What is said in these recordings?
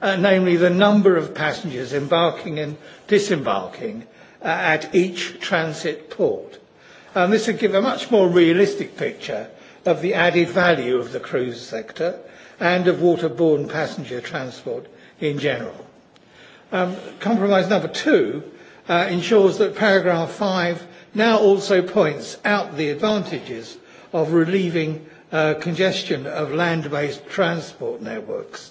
uh, namely the number of passengers embarking and disembarking uh, at each transit port. And um, this would give a much more realistic picture of the added value of the cruise sector and of waterborne passenger transport in general. Um, compromise number two uh, ensures that paragraph five now also points out the advantages of relieving uh, congestion of land-based transport networks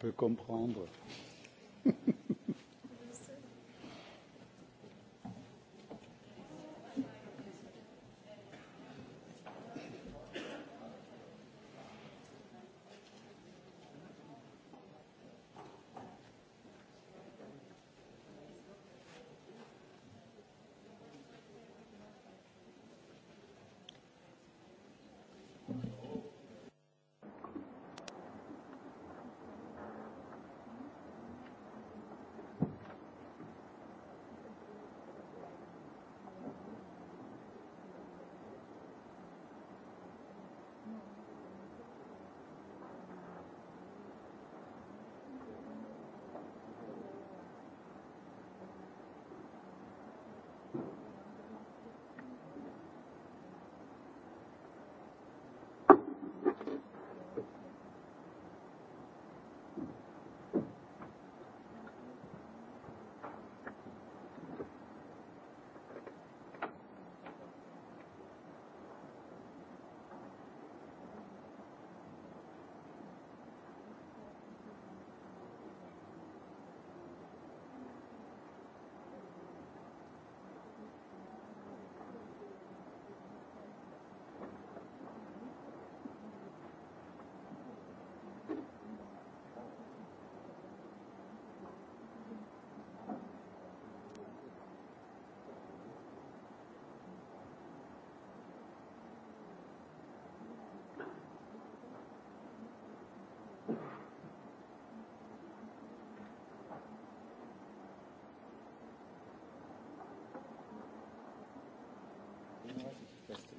peut comprendre.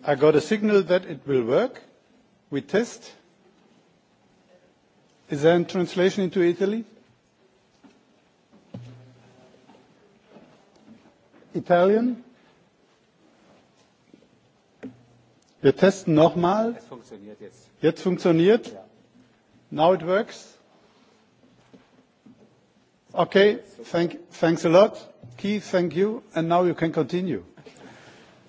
I got a signal that it will work. We test. Is there a translation into Italy? Italian? Wir testen nochmal. Es funktioniert jetzt. Jetzt funktioniert. Ja. Now it works. Okay, thank, thanks a lot. Keith, thank you. And now you can continue.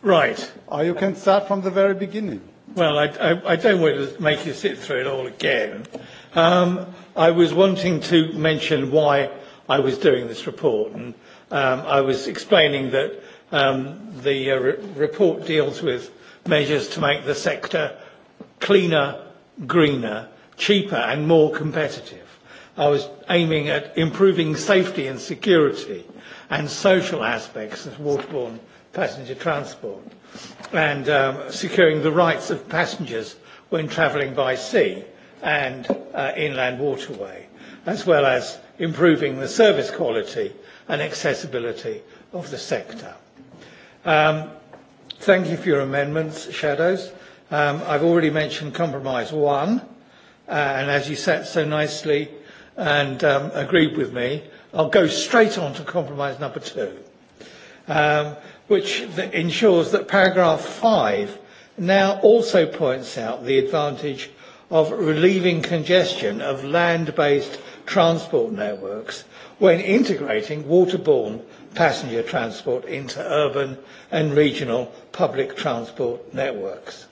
Right. Or you can start from the very beginning. Well, I, I, I don't want to make you sit through it all again. Um, I was wanting to mention why I was doing this report, and um, I was explaining that um, the uh, re- report deals with measures to make the sector cleaner, greener, cheaper, and more competitive. I was aiming at improving safety and security and social aspects of waterborne passenger transport and um, securing the rights of passengers when travelling by sea and uh, inland waterway, as well as improving the service quality and accessibility of the sector. Um, thank you for your amendments, Shadows. Um, I've already mentioned Compromise 1, uh, and as you sat so nicely and um, agreed with me, I'll go straight on to Compromise number 2. Um, which ensures that paragraph five now also points out the advantage of relieving congestion of land-based transport networks when integrating waterborne passenger transport into urban and regional public transport networks.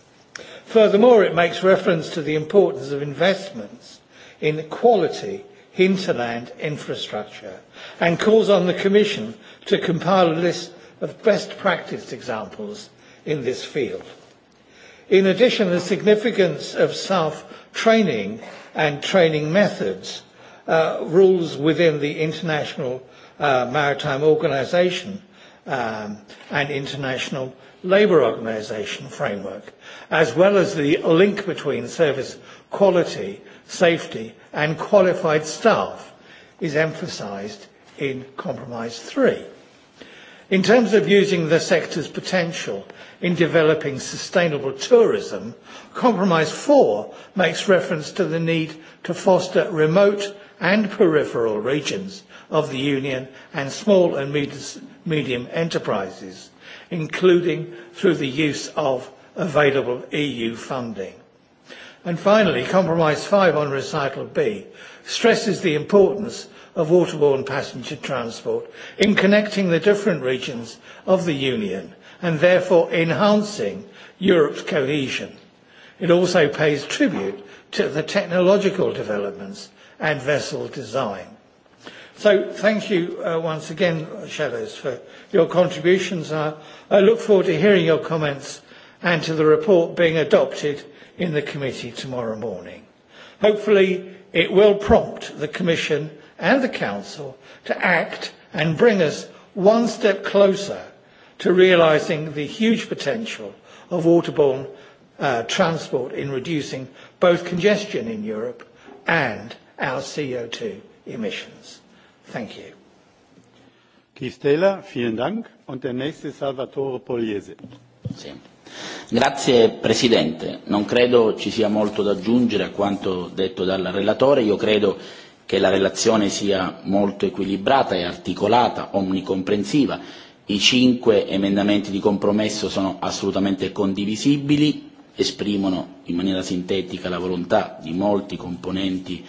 Furthermore, it makes reference to the importance of investments in quality hinterland infrastructure and calls on the Commission to compile a list of best practice examples in this field. In addition, the significance of self-training and training methods uh, rules within the International uh, Maritime Organization um, and International Labour Organization framework, as well as the link between service quality, safety and qualified staff is emphasised in Compromise 3. In terms of using the sector's potential in developing sustainable tourism, Compromise 4 makes reference to the need to foster remote and peripheral regions of the Union and small and medium enterprises, including through the use of available EU funding. And finally, Compromise 5 on Recital B stresses the importance of waterborne passenger transport in connecting the different regions of the Union and therefore enhancing Europe's cohesion. It also pays tribute to the technological developments and vessel design. So thank you uh, once again, Shadows, for your contributions. I, I look forward to hearing your comments and to the report being adopted in the committee tomorrow morning. Hopefully, it will prompt the Commission and the Council to act and bring us one step closer to realising the huge potential of waterborne uh, transport in reducing both congestion in Europe and our CO2 emissions. Thank you. Keith Taylor, vielen Dank. Und der nächste Salvatore Pogliese. Sì. Grazie Presidente. Non credo ci sia molto da aggiungere a quanto detto dal relatore. Io credo che la relazione sia molto equilibrata e articolata, omnicomprensiva. I cinque emendamenti di compromesso sono assolutamente condivisibili, esprimono in maniera sintetica la volontà di molti componenti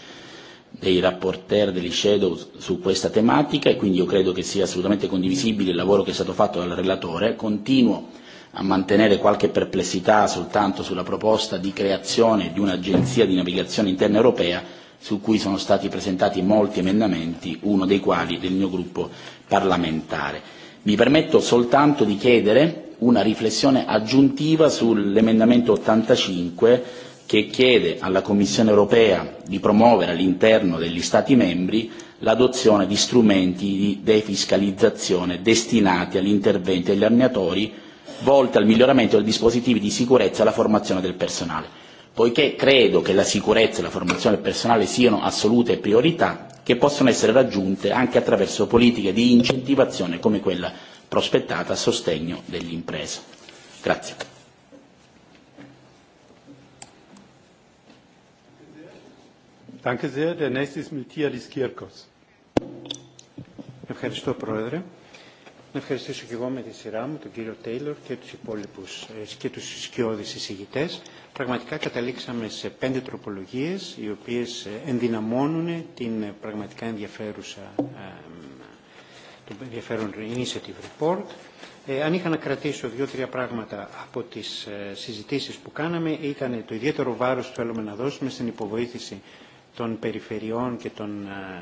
dei rapporteur, degli shadow su questa tematica e quindi io credo che sia assolutamente condivisibile il lavoro che è stato fatto dal relatore. Continuo a mantenere qualche perplessità soltanto sulla proposta di creazione di un'agenzia di navigazione interna europea su cui sono stati presentati molti emendamenti, uno dei quali del mio gruppo parlamentare. Mi permetto soltanto di chiedere una riflessione aggiuntiva sull'emendamento 85 che chiede alla Commissione europea di promuovere all'interno degli Stati membri l'adozione di strumenti di defiscalizzazione destinati agli interventi degli armatori volti al miglioramento dei dispositivi di sicurezza e alla formazione del personale poiché credo che la sicurezza e la formazione del personale siano assolute priorità che possono essere raggiunte anche attraverso politiche di incentivazione come quella prospettata a sostegno dell'impresa. Grazie. Danke sehr. Der nächste ist Miltiadis Kirkos. Ευχαριστώ, Πρόεδρε. Να ευχαριστήσω και εγώ με τη σειρά μου τον κύριο Τέιλορ και τους υπόλοιπους και τους σκιώδεις εισηγητές. Πραγματικά καταλήξαμε σε πέντε τροπολογίες οι οποίες ενδυναμώνουν την πραγματικά ενδιαφέρουσα το ενδιαφέρον Initiative Report. Ε, αν είχα να κρατήσω δύο-τρία πράγματα από τις ε, συζητήσεις που κάναμε ήταν το ιδιαίτερο βάρος που θέλουμε να δώσουμε στην υποβοήθηση των περιφερειών και των ε,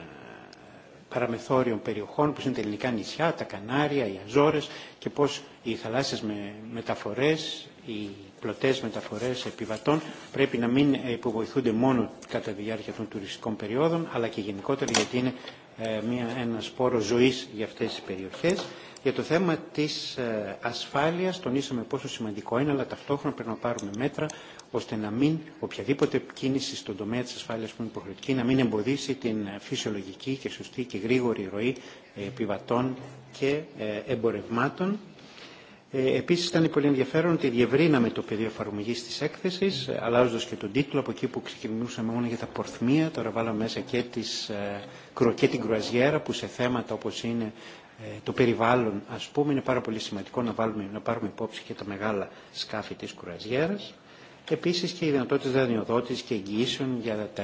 παραμεθόριων περιοχών που είναι τα ελληνικά νησιά, τα Κανάρια, οι Αζόρες και πώς οι θαλάσσιες με, μεταφορές, οι πλωτές μεταφορές επιβατών πρέπει να μην υποβοηθούνται μόνο κατά τη διάρκεια των τουριστικών περιόδων αλλά και γενικότερα γιατί είναι ε, μια, ένα σπόρο ζωής για αυτές τις περιοχές. Για το θέμα της ε, ασφάλειας τονίσαμε πόσο σημαντικό είναι αλλά ταυτόχρονα πρέπει να πάρουμε μέτρα ώστε να μην οποιαδήποτε κίνηση στον τομέα της ασφάλειας που είναι υποχρεωτική να μην εμποδίσει την φυσιολογική και σωστή και γρήγορη ροή επιβατών και εμπορευμάτων. Επίση, ήταν πολύ ενδιαφέρον ότι διευρύναμε το πεδίο εφαρμογή τη έκθεση, αλλάζοντα και τον τίτλο από εκεί που ξεκινούσαμε μόνο για τα πορθμία. Τώρα βάλαμε μέσα και, τις, και την κρουαζιέρα, που σε θέματα όπω είναι το περιβάλλον, α πούμε, είναι πάρα πολύ σημαντικό να, βάλουμε, να πάρουμε υπόψη και τα μεγάλα σκάφη τη κρουαζιέρα. Επίση και οι δυνατότητε δανειοδότηση και εγγυήσεων για τα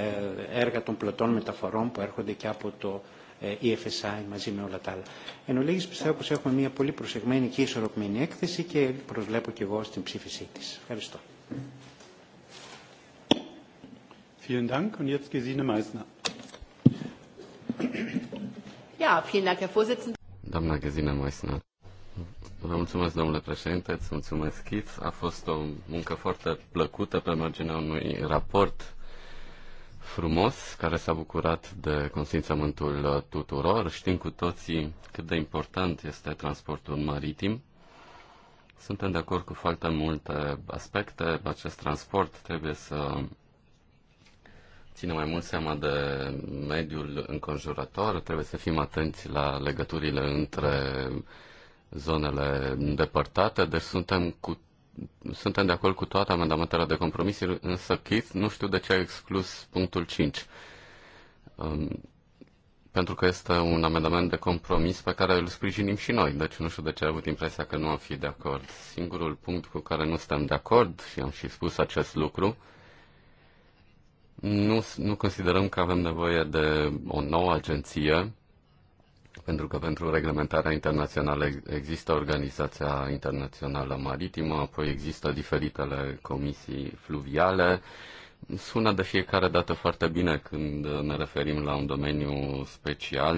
έργα των πλωτών μεταφορών που έρχονται και από το EFSI μαζί με όλα τα άλλα. Εν ολίγη πιστεύω πως έχουμε μια πολύ προσεγμένη και ισορροπημένη έκθεση και προσβλέπω και εγώ στην ψήφισή τη. Ευχαριστώ. Vielen Dank und jetzt Gesine Meissner. Ja, vielen Dank, Herr Vorsitzender. Damna Gesine Meissner. Vă mulțumesc, domnule președinte, îți mulțumesc, Chit. A fost o muncă foarte plăcută pe marginea unui raport frumos, care s-a bucurat de consimțământul tuturor. Știm cu toții cât de important este transportul maritim. Suntem de acord cu foarte multe aspecte. Acest transport trebuie să ține mai mult seama de mediul înconjurător, trebuie să fim atenți la legăturile între zonele îndepărtate, deci suntem cu suntem de acord cu toate amendamentele de compromis, însă Keith nu știu de ce a exclus punctul 5. Um, pentru că este un amendament de compromis pe care îl sprijinim și noi, deci nu știu de ce a avut impresia că nu am fi de acord. Singurul punct cu care nu suntem de acord, și am și spus acest lucru, nu, nu considerăm că avem nevoie de o nouă agenție pentru că pentru reglementarea internațională există Organizația Internațională Maritimă, apoi există diferitele comisii fluviale. Sună de fiecare dată foarte bine când ne referim la un domeniu special,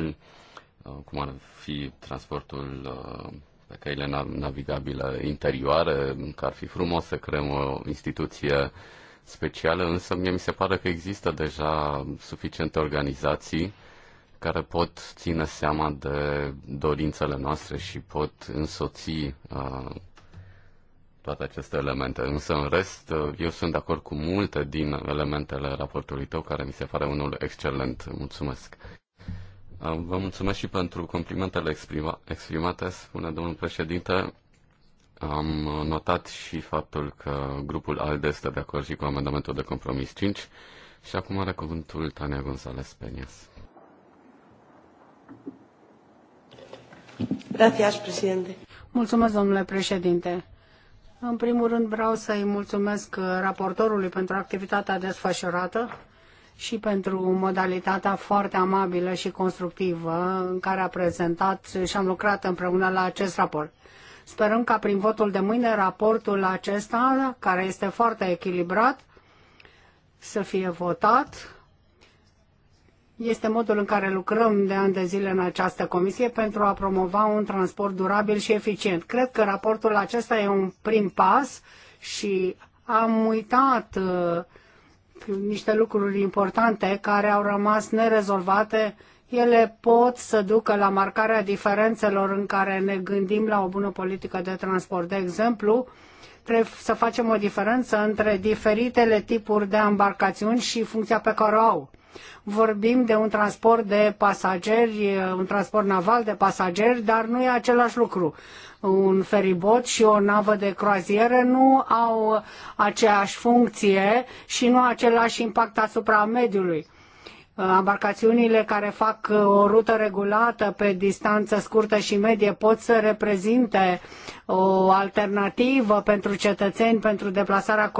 uh, cum ar fi transportul uh, pe căile navigabile interioare, că ar fi frumos să creăm o instituție specială, însă mie mi se pare că există deja suficiente organizații care pot ține seama de dorințele noastre și pot însoți uh, toate aceste elemente. Însă, în rest, uh, eu sunt de acord cu multe din elementele raportului tău, care mi se pare unul excelent. Mulțumesc! Uh, vă mulțumesc și pentru complimentele exprima, exprimate, spune domnul președinte. Am notat și faptul că grupul ALDE este de acord și cu amendamentul de compromis 5 și acum are cuvântul Tania González Peñas. Mulțumesc, domnule președinte. În primul rând vreau să-i mulțumesc raportorului pentru activitatea desfășurată și pentru modalitatea foarte amabilă și constructivă în care a prezentat și am lucrat împreună la acest raport. Sperăm ca prin votul de mâine raportul acesta, care este foarte echilibrat, să fie votat este modul în care lucrăm de ani de zile în această comisie pentru a promova un transport durabil și eficient. Cred că raportul acesta e un prim pas și am uitat uh, niște lucruri importante care au rămas nerezolvate. Ele pot să ducă la marcarea diferențelor în care ne gândim la o bună politică de transport. De exemplu, trebuie să facem o diferență între diferitele tipuri de embarcațiuni și funcția pe care o au Vorbim de un transport de pasageri, un transport naval de pasageri, dar nu e același lucru. Un feribot și o navă de croazieră nu au aceeași funcție și nu același impact asupra mediului Embarcațiunile care fac uh, o rută regulată pe distanță scurtă și medie pot să reprezinte o alternativă pentru cetățeni pentru deplasarea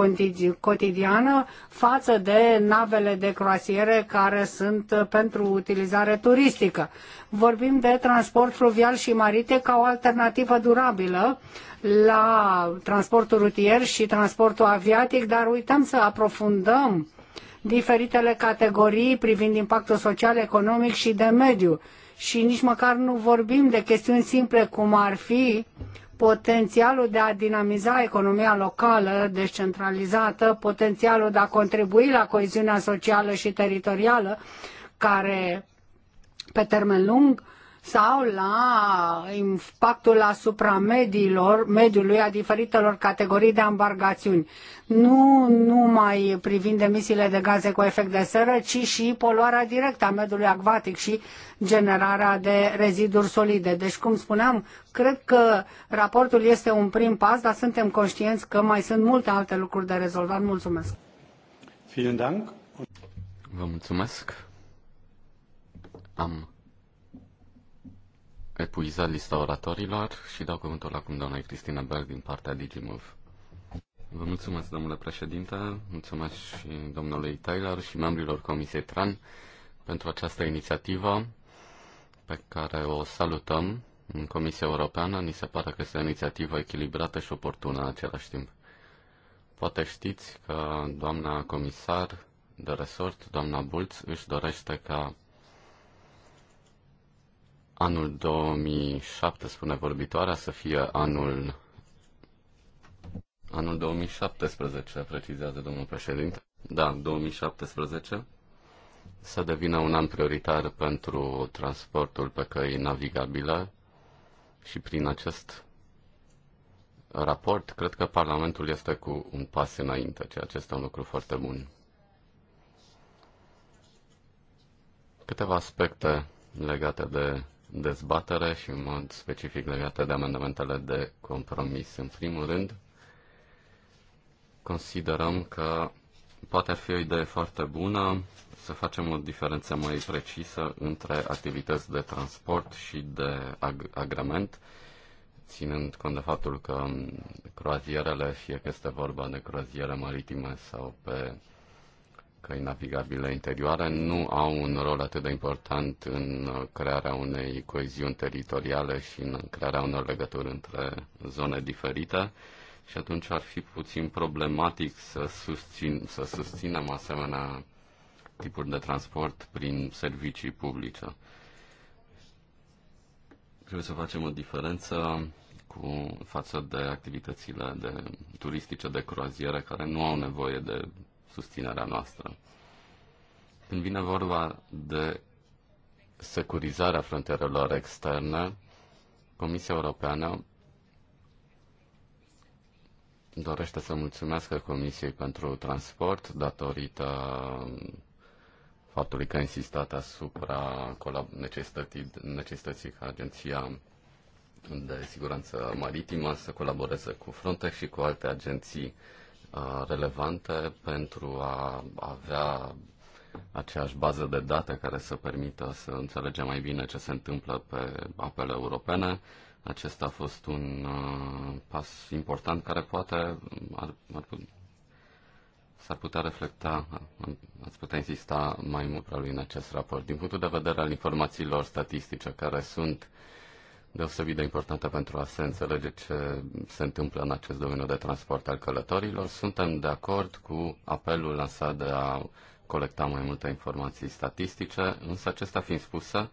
cotidiană față de navele de croasiere care sunt uh, pentru utilizare turistică. Vorbim de transport fluvial și marite ca o alternativă durabilă la transportul rutier și transportul aviatic, dar uităm să aprofundăm diferitele categorii privind impactul social, economic și de mediu. Și nici măcar nu vorbim de chestiuni simple cum ar fi potențialul de a dinamiza economia locală descentralizată, potențialul de a contribui la coeziunea socială și teritorială, care pe termen lung sau la impactul asupra mediilor, mediului a diferitelor categorii de ambargațiuni. Nu numai privind emisiile de gaze cu efect de seră, ci și poluarea directă a mediului acvatic și generarea de reziduri solide. Deci, cum spuneam, cred că raportul este un prim pas, dar suntem conștienți că mai sunt multe alte lucruri de rezolvat. Mulțumesc! Vielen Dank. Vă mulțumesc. Am epuizat lista oratorilor și dau cuvântul acum doamnei Cristina Berg din partea DigiMove. Vă mulțumesc, domnule președinte, mulțumesc și domnului Taylor și membrilor Comisiei TRAN pentru această inițiativă pe care o salutăm în Comisia Europeană. Ni se pare că este o inițiativă echilibrată și oportună în același timp. Poate știți că doamna comisar de resort, doamna Bulț, își dorește ca anul 2007, spune vorbitoarea, să fie anul Anul 2017, precizează domnul președinte. Da, 2017 să devină un an prioritar pentru transportul pe căi navigabile și prin acest raport cred că Parlamentul este cu un pas înainte, ceea ce este un lucru foarte bun. Câteva aspecte legate de dezbatere și în mod specific legate de amendamentele de compromis. În primul rând, considerăm că poate ar fi o idee foarte bună să facem o diferență mai precisă între activități de transport și de ag- agrement, ținând cont de faptul că croazierele, fie că este vorba de croaziere maritime sau pe căi navigabile interioare nu au un rol atât de important în crearea unei coeziuni teritoriale și în crearea unor legături între zone diferite și atunci ar fi puțin problematic să, susțin, să susținem asemenea tipuri de transport prin servicii publice. Trebuie să facem o diferență cu față de activitățile de turistice de croaziere care nu au nevoie de susținerea noastră. Când vine vorba de securizarea frontierelor externe, Comisia Europeană dorește să mulțumească Comisiei pentru Transport datorită faptului că a insistat asupra necesității, necesității ca agenția de siguranță maritimă să colaboreze cu Frontex și cu alte agenții relevante pentru a avea aceeași bază de date care să permită să înțelegem mai bine ce se întâmplă pe apele europene. Acesta a fost un pas important care poate ar, ar, s-ar putea reflecta, ați putea insista mai mult lui în acest raport. Din punctul de vedere al informațiilor statistice care sunt uh, deosebit de importantă pentru a se înțelege ce se întâmplă în acest domeniu de transport al călătorilor. Suntem de acord cu apelul lansat de a colecta mai multe informații statistice, însă acesta fiind spusă,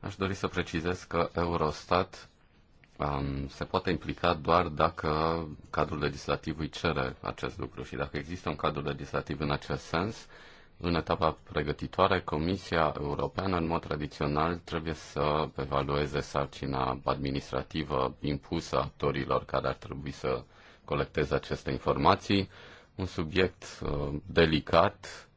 aș dori să precizez că Eurostat um, se poate implica doar dacă cadrul legislativ îi cere acest lucru și dacă există un cadru legislativ în acest sens, uh, în etapa pregătitoare, Comisia Europeană, în mod tradițional, trebuie să evalueze sarcina administrativă impusă actorilor care ar trebui să colecteze aceste informații. Un subiect uh, delicat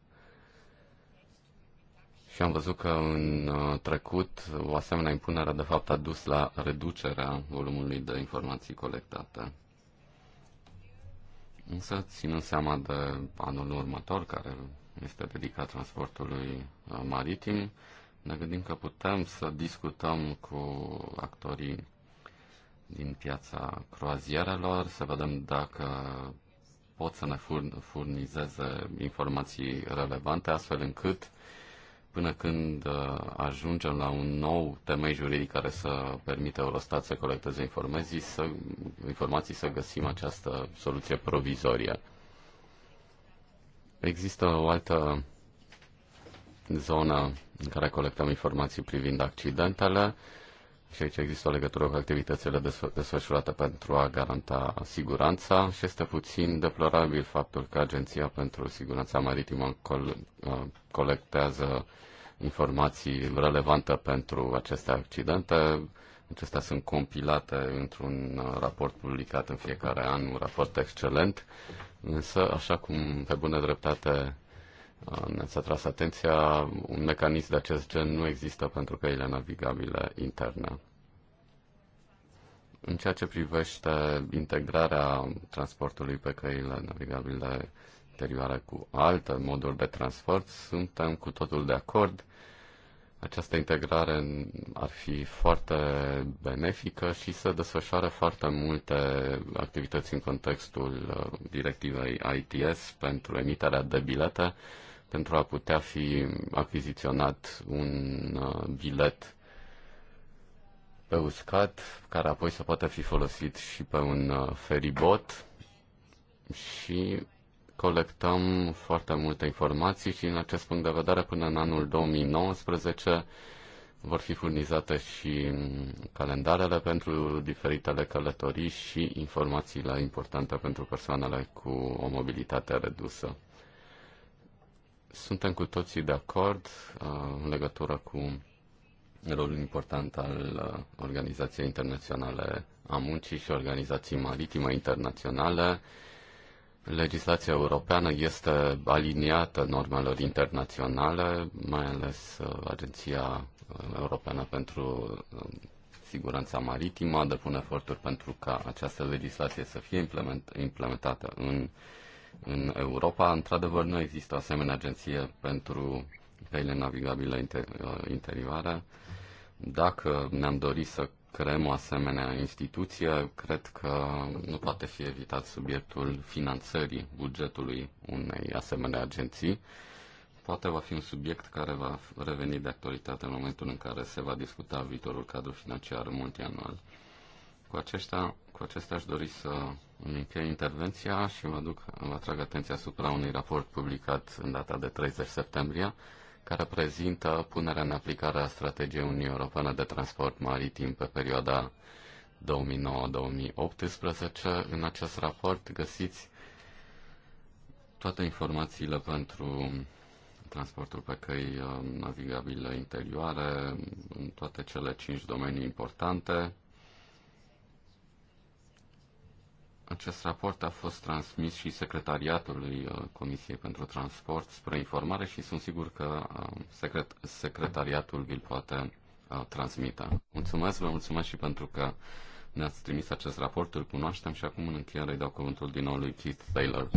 și am văzut că în uh, trecut o asemenea impunere de fapt a dus la reducerea volumului de informații colectate. Însă, ținând seama de anul următor, care este dedicat transportului uh, maritim, ne gândim că putem să discutăm cu actorii din piața croazierelor, să vedem dacă pot să ne furnizeze informații relevante, astfel încât până când uh, ajungem la un nou temei juridic care să permite Eurostat să colecteze informații, să, informații, să găsim această soluție provizorie. Există o altă zonă în care colectăm informații privind accidentele și aici există o legătură cu activitățile desfășurate pentru a garanta siguranța și este puțin deplorabil faptul că Agenția pentru Siguranța Maritimă uh, colectează informații relevante pentru aceste accidente. Acestea sunt compilate într-un uh, raport publicat în fiecare an, un raport excelent Însă, așa cum pe bună dreptate ne s-a tras atenția, un mecanism de acest gen nu există pentru căile navigabile interne. În ceea ce privește integrarea transportului pe căile navigabile interioare cu alte moduri de transport, suntem cu totul de acord această integrare ar fi foarte benefică și se desfășoară foarte multe activități în contextul uh, directivei ITS pentru emiterea de bilete, pentru a putea fi achiziționat un uh, bilet pe uscat, care apoi să poată fi folosit și pe un uh, feribot și colectăm foarte multe informații și în acest punct de vedere până în anul 2019 vor fi furnizate și calendarele pentru diferitele călătorii și informațiile importante pentru persoanele cu o mobilitate redusă. Suntem cu toții de acord uh, în legătură cu rolul important al uh, Organizației Internaționale a Muncii și Organizației Maritime Internaționale, legislația europeană este aliniată normelor internaționale, mai ales uh, Agenția uh, Europeană pentru um, Siguranța Maritimă depune eforturi pentru ca această legislație să fie implementată în, în Europa. Într-adevăr, nu există o asemenea agenție pentru căile navigabile uh, interioare. Dacă ne-am dorit să creăm o asemenea instituție, cred că nu poate fi evitat subiectul finanțării bugetului unei asemenea agenții. Poate va fi un subiect care va reveni de actualitate în momentul în care se va discuta viitorul cadru financiar multianual. Cu, acestea, cu acestea aș dori să îmi închei intervenția și vă, aduc, vă atrag atenția asupra unui raport publicat în data de 30 septembrie, care prezintă punerea în aplicare a strategiei Uniunii Europene de transport maritim pe perioada 2009-2018. În acest raport găsiți toate informațiile pentru transportul pe căi uh, navigabile interioare, în toate cele cinci domenii importante, Acest raport a fost transmis și secretariatului uh, Comisiei pentru Transport spre informare și sunt sigur că uh, secret, secretariatul vi-l poate uh, transmite. Mulțumesc, vă mulțumesc și pentru că ne-ați trimis acest raport, îl cunoaștem și acum în încheiere îi dau cuvântul din nou lui Keith Taylor.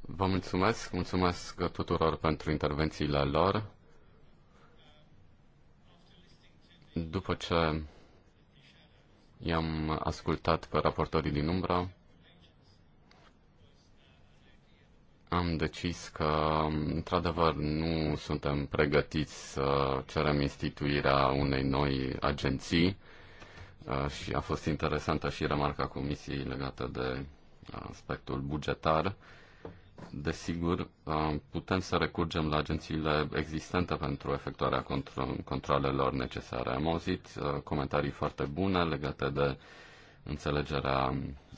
Vă mulțumesc, mulțumesc tuturor pentru intervențiile lor. După ce I-am ascultat pe raportorii din umbra. Am decis că, într-adevăr, nu suntem pregătiți să cerem instituirea unei noi agenții uh, și a fost interesantă și remarca Comisiei legată de uh, aspectul bugetar Desigur, uh, putem să recurgem la agențiile existente pentru efectuarea controlelor necesare. Am auzit uh, comentarii foarte bune legate de înțelegerea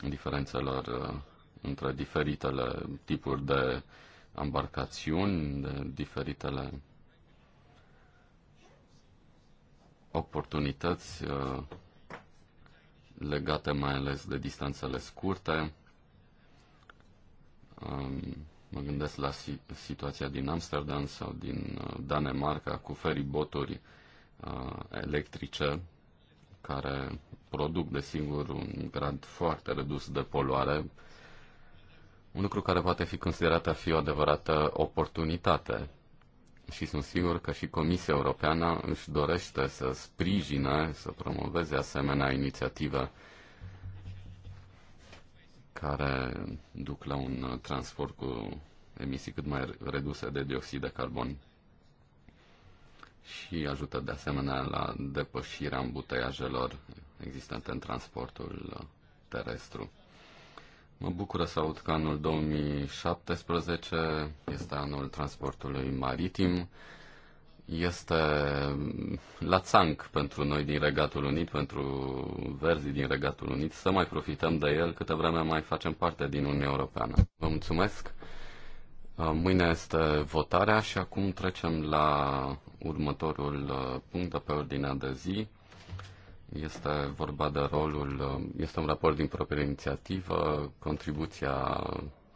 diferențelor uh, între diferitele tipuri de embarcațiuni, de diferitele oportunități legate mai ales de distanțele scurte mă gândesc la situația din Amsterdam sau din uh, Danemarca cu feriboturi uh, electrice care produc, desigur, un grad foarte redus de poluare, un lucru care poate fi considerat a fi o adevărată oportunitate. Și sunt sigur că și Comisia Europeană își dorește să sprijine, să promoveze asemenea inițiative care duc la un transport cu emisii cât mai reduse de dioxid de carbon și ajută de asemenea la depășirea îmbuteiajelor existente în transportul terestru. Mă bucură să aud că anul 2017 este anul transportului maritim este la țanc pentru noi din Regatul Unit, pentru verzii din Regatul Unit, să mai profităm de el câtă vreme mai facem parte din Uniunea Europeană. Vă mulțumesc! Uh, mâine este votarea și acum trecem la următorul uh, punct de pe ordinea de zi. Este vorba de rolul, uh, este un raport din proprie inițiativă, contribuția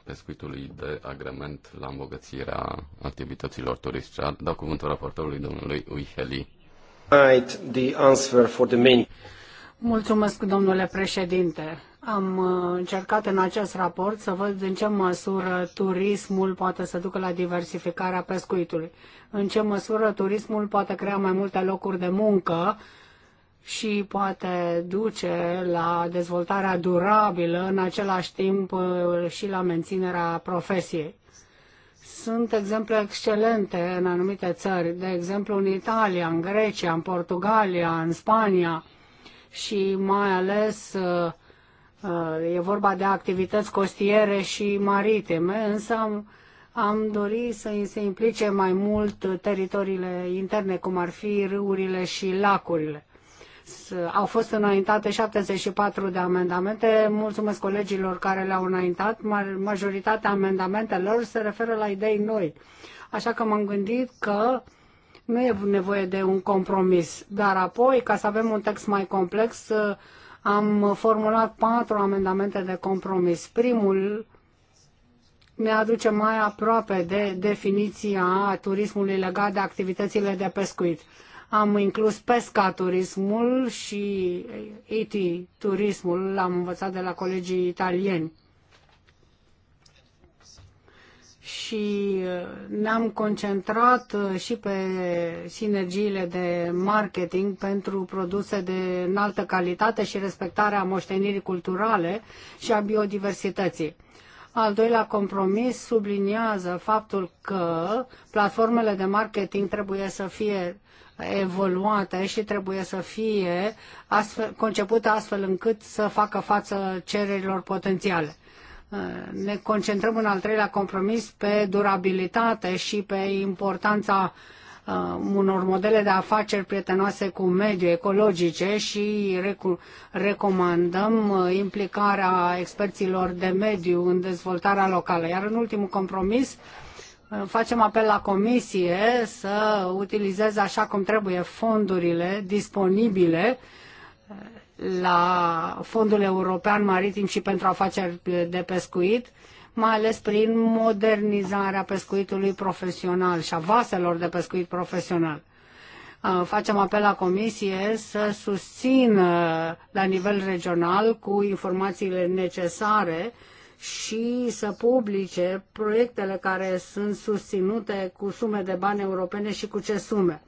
pescuitului de agrement la îmbogățirea activităților turistice. Dau cuvântul raportorului domnului Uiheli. The answer for the main... Mulțumesc, domnule președinte. Am uh, încercat în acest raport să văd în ce măsură turismul poate să ducă la diversificarea pescuitului, în ce măsură turismul poate crea mai multe locuri de muncă și poate duce la dezvoltarea durabilă, în același timp uh, și la menținerea profesiei. Sunt exemple excelente în anumite țări, de exemplu în Italia, în Grecia, în Portugalia, în Spania și mai ales uh, uh, e vorba de activități costiere și maritime, însă am, am dorit să se implice mai mult teritoriile interne, cum ar fi râurile și lacurile au fost înaintate 74 de amendamente. Mulțumesc colegilor care le-au înaintat. Majoritatea amendamentelor se referă la idei noi. Așa că m-am gândit că nu e nevoie de un compromis. Dar apoi, ca să avem un text mai complex, am formulat patru amendamente de compromis. Primul ne aduce mai aproape de definiția turismului legat de activitățile de pescuit. Am inclus pesca turismul și IT turismul, l-am învățat de la colegii italieni. Și uh, ne-am concentrat uh, și pe sinergiile de marketing pentru produse de înaltă calitate și respectarea moștenirii culturale și a biodiversității. Al doilea compromis subliniază faptul că platformele de marketing trebuie să fie evoluate și trebuie să fie astfel, concepută astfel încât să facă față cererilor potențiale. Ne concentrăm în al treilea compromis pe durabilitate și pe importanța uh, unor modele de afaceri prietenoase cu mediul, ecologice și recomandăm uh, implicarea experților de mediu în dezvoltarea locală. Iar în ultimul compromis facem apel la comisie să utilizeze așa cum trebuie fondurile disponibile eh, la Fondul European Maritim și pentru afaceri de pescuit, mai ales prin modernizarea pescuitului profesional și a vaselor de pescuit profesional. Eh, facem apel la comisie să susțină la nivel regional cu informațiile necesare și să publice proiectele care sunt susținute cu sume de bani europene și cu ce sume.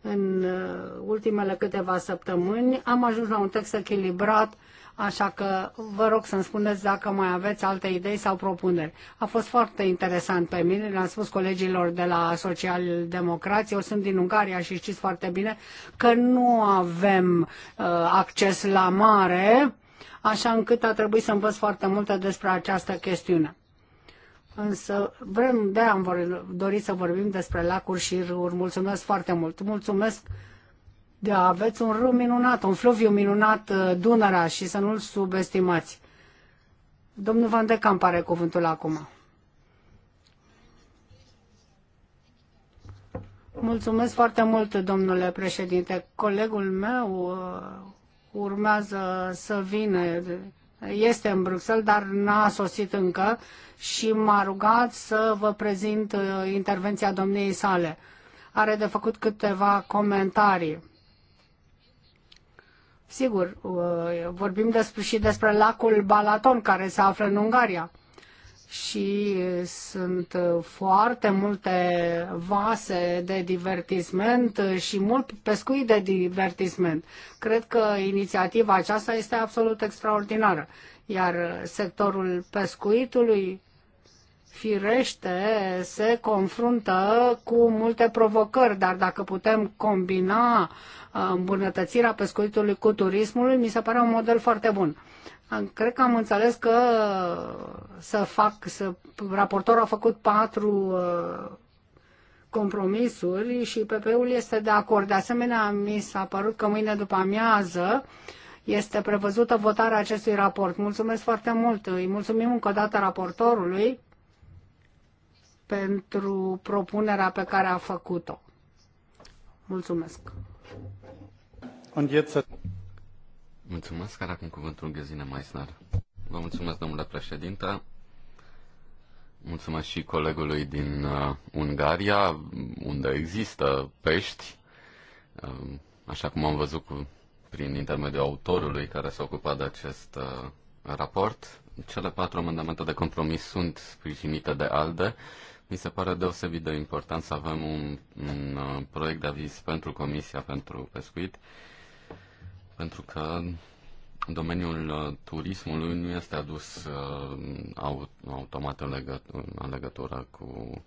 În uh, ultimele câteva săptămâni am ajuns la un text echilibrat, așa că vă rog să-mi spuneți dacă mai aveți alte idei sau propuneri. A fost foarte interesant pe mine, le-am spus colegilor de la Social Socialdemocrație, eu sunt din Ungaria și știți foarte bine că nu avem uh, acces la mare, așa încât a trebuit să învăț foarte multe despre această chestiune. Însă vrem, de am dorit să vorbim despre lacuri și râuri. Mulțumesc foarte mult. Mulțumesc de a aveți un râu minunat, un fluviu minunat, uh, Dunărea, și să nu-l subestimați. Domnul Van de Camp are cuvântul acum. Mulțumesc foarte mult, domnule președinte. Colegul meu uh, urmează să vină, este în Bruxelles, dar n-a sosit încă și m-a rugat să vă prezint uh, intervenția domniei sale. Are de făcut câteva comentarii. Sigur, uh, vorbim despre, și despre lacul Balaton care se află în Ungaria și sunt foarte multe vase de divertisment și mult pescuit de divertisment. Cred că inițiativa aceasta este absolut extraordinară. Iar sectorul pescuitului, firește, se confruntă cu multe provocări, dar dacă putem combina uh, îmbunătățirea pescuitului cu turismul, mi se pare un model foarte bun. Cred că am înțeles că să fac, să, raportorul a făcut patru uh, compromisuri și PP-ul este de acord. De asemenea, mi s-a părut că mâine după amiază este prevăzută votarea acestui raport. Mulțumesc foarte mult. Îi mulțumim încă o dată raportorului pentru propunerea pe care a făcut-o. Mulțumesc. Mulțumesc, care acum cuvântul Găzine Maisnar. Vă mulțumesc, domnule președinte. Mulțumesc și colegului din uh, Ungaria, unde există pești, uh, așa cum am văzut cu, prin intermediul autorului care s-a ocupat de acest uh, raport. Cele patru amendamente de compromis sunt sprijinite de ALDE. Mi se pare deosebit de important să avem un, un uh, proiect de aviz pentru Comisia pentru Pescuit. Uh, pentru că în domeniul uh, turismului nu este adus uh, automat în, legă, în legătură cu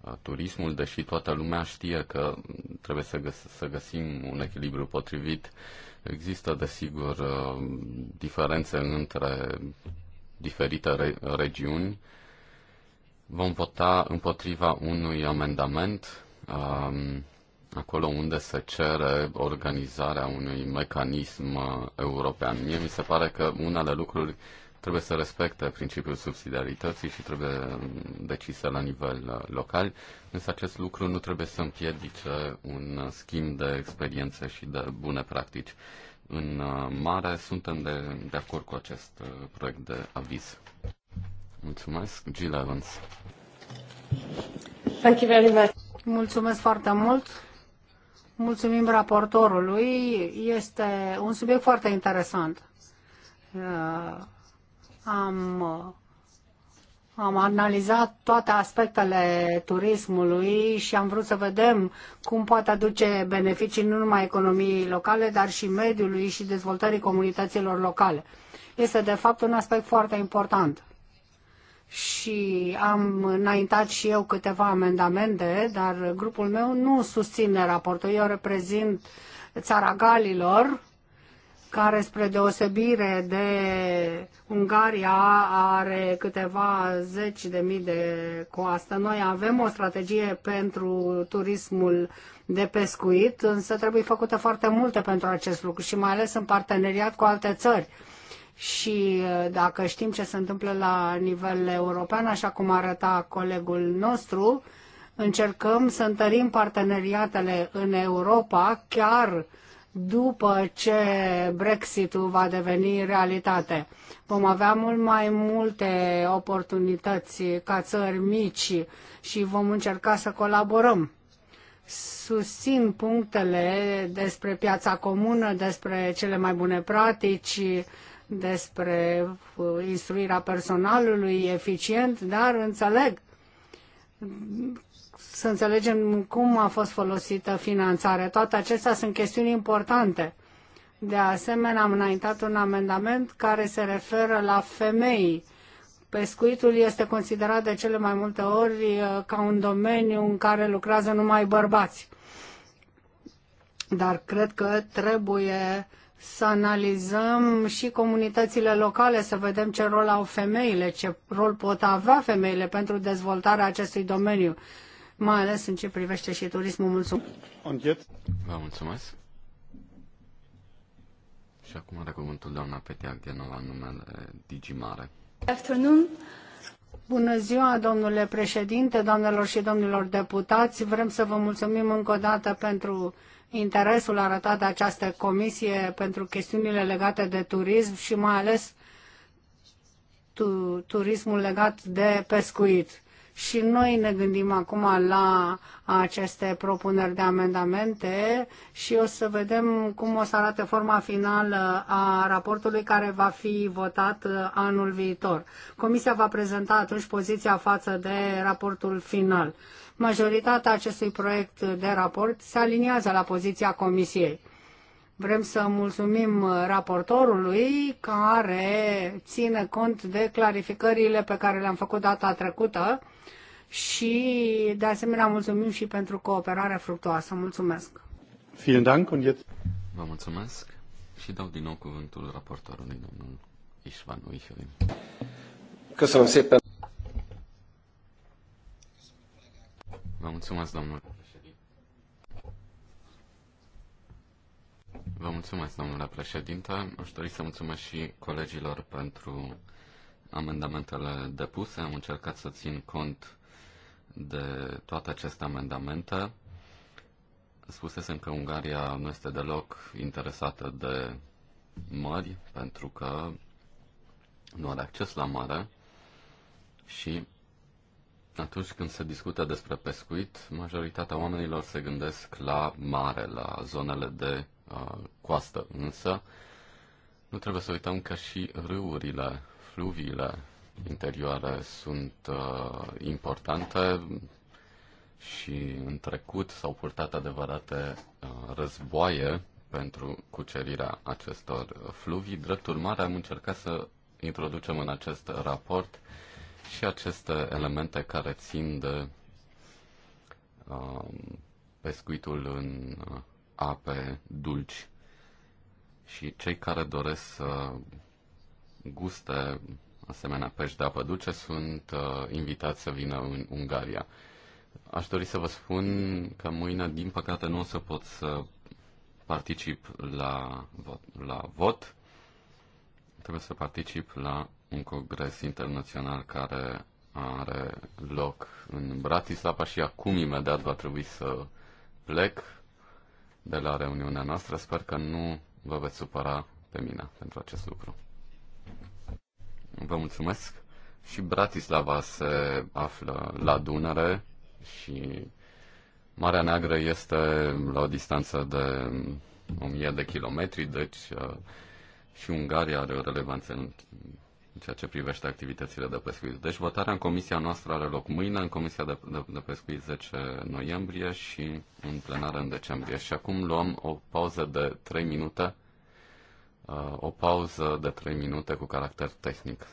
uh, turismul, deși toată lumea știe că trebuie să, găs- să găsim un echilibru potrivit. Există, desigur, diferențe între diferite re- regiuni. Vom vota împotriva unui amendament Uh, acolo unde se cere organizarea unui mecanism uh, european. Mie mi se pare că unele lucruri trebuie să respecte principiul subsidiarității și trebuie um, decise la nivel uh, local, însă acest lucru nu trebuie să împiedice un uh, schimb de experiențe și de bune practici. În mare suntem de, de acord cu acest proiect de aviz. Mulțumesc, Jill Evans. Thank you very much. Mulțumesc foarte mult. Mulțumim raportorului. Este un subiect foarte interesant. Uh, am, uh, am analizat toate aspectele turismului și am vrut să vedem cum poate aduce beneficii nu numai economiei locale, dar și mediului și dezvoltării comunităților locale. Este, de fapt, un aspect foarte important și am înaintat și eu câteva amendamente, dar grupul meu nu susține raportul. Eu reprezint țara Galilor, care spre deosebire de Ungaria are câteva zeci de mii de coastă. Noi avem o strategie pentru turismul de pescuit, însă trebuie făcute foarte multe pentru acest lucru și mai ales în parteneriat cu alte țări și uh, dacă știm ce se întâmplă la nivel european, așa cum arăta colegul nostru, încercăm să întărim parteneriatele în Europa chiar după ce Brexitul va deveni realitate. Vom avea mult mai multe oportunități ca țări mici și vom încerca să colaborăm. Susțin punctele despre piața comună, despre cele mai bune practici, despre uh, instruirea personalului eficient, dar înțeleg să înțelegem cum a fost folosită finanțarea. Toate acestea sunt chestiuni importante. De asemenea, am înaintat un amendament care se referă la femei. Pescuitul este considerat de cele mai multe ori uh, ca un domeniu în care lucrează numai bărbați. Dar cred că trebuie să analizăm și comunitățile locale, să vedem ce rol au femeile, ce rol pot avea femeile pentru dezvoltarea acestui domeniu, mai ales în ce privește și turismul. Mulțumesc! Vă mulțumesc! Și acum are cuvântul doamna Petea Ghenă la numele Digimare. Afternoon. Bună ziua, domnule președinte, doamnelor și domnilor deputați. Vrem să vă mulțumim încă o dată pentru interesul arătat de această comisie pentru chestiunile legate de turism și mai ales tu, turismul legat de pescuit. Și noi ne gândim acum la aceste propuneri de amendamente și o să vedem cum o să arate forma finală a raportului care va fi votat uh, anul viitor. Comisia va prezenta atunci poziția față de raportul final. Majoritatea acestui proiect de raport se aliniază la poziția Comisiei. Vrem să mulțumim raportorului care ține cont de clarificările pe care le-am făcut data trecută și de asemenea mulțumim și pentru cooperarea fructuoasă. Mulțumesc! Vielen Dank und jetzt... Vă mulțumesc și dau din nou cuvântul raportorului domnul István Uihelin. Köszönöm szépen! Vă mulțumesc, domnule președinte. Vă mulțumesc, domnule președinte. Aș dori să mulțumesc și colegilor pentru amendamentele depuse. Am încercat să țin cont de toate aceste amendamente. Spusesem că Ungaria nu este deloc interesată de mări, pentru că nu are acces la mare și atunci când se discută despre pescuit, majoritatea oamenilor se gândesc la mare, la zonele de uh, coastă, însă nu trebuie să uităm că și râurile, fluviile interioare sunt uh, importante și în trecut s-au purtat adevărate uh, războaie pentru cucerirea acestor fluvii. Drept urmare, am încercat să introducem în acest raport uh, și aceste elemente care țin de uh, pescuitul în uh, ape dulci și cei care doresc să guste asemenea pești de apă dulce sunt uh, invitați să vină în Ungaria. Aș dori să vă spun că mâine, din păcate, nu o să pot să particip la vot. La vot. Trebuie să particip la un congres internațional care are loc în Bratislava și acum imediat va trebui să plec de la reuniunea noastră. Sper că nu vă veți supăra pe mine pentru acest lucru. Vă mulțumesc și Bratislava se află la Dunăre și Marea Neagră este la o distanță de 1000 de kilometri, deci uh, și Ungaria are o relevanță în ceea ce privește activitățile de pescuit. Deci votarea în comisia noastră are loc mâine, în comisia de, de, de pescuit 10 noiembrie și în plenară în decembrie. Și acum luăm o pauză de 3 minute, uh, o pauză de 3 minute cu caracter tehnic.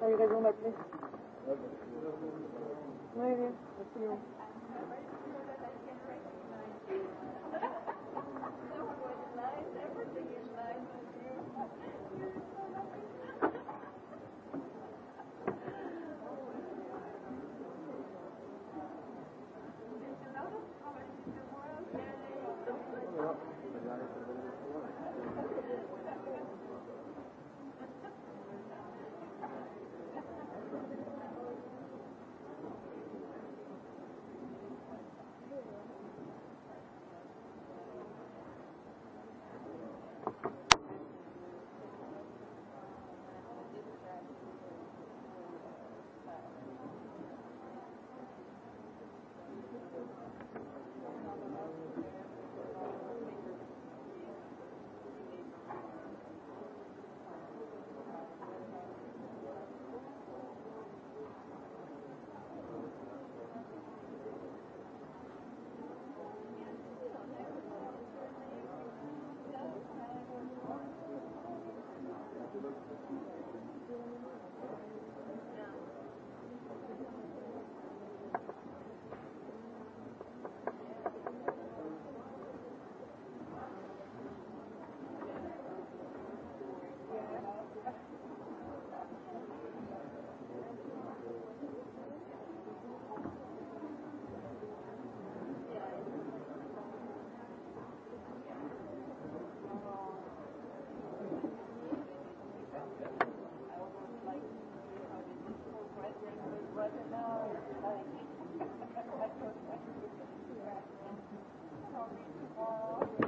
T'as eu raison d'appeler. Oui, oui, absolument. Everything is nice. Thank you.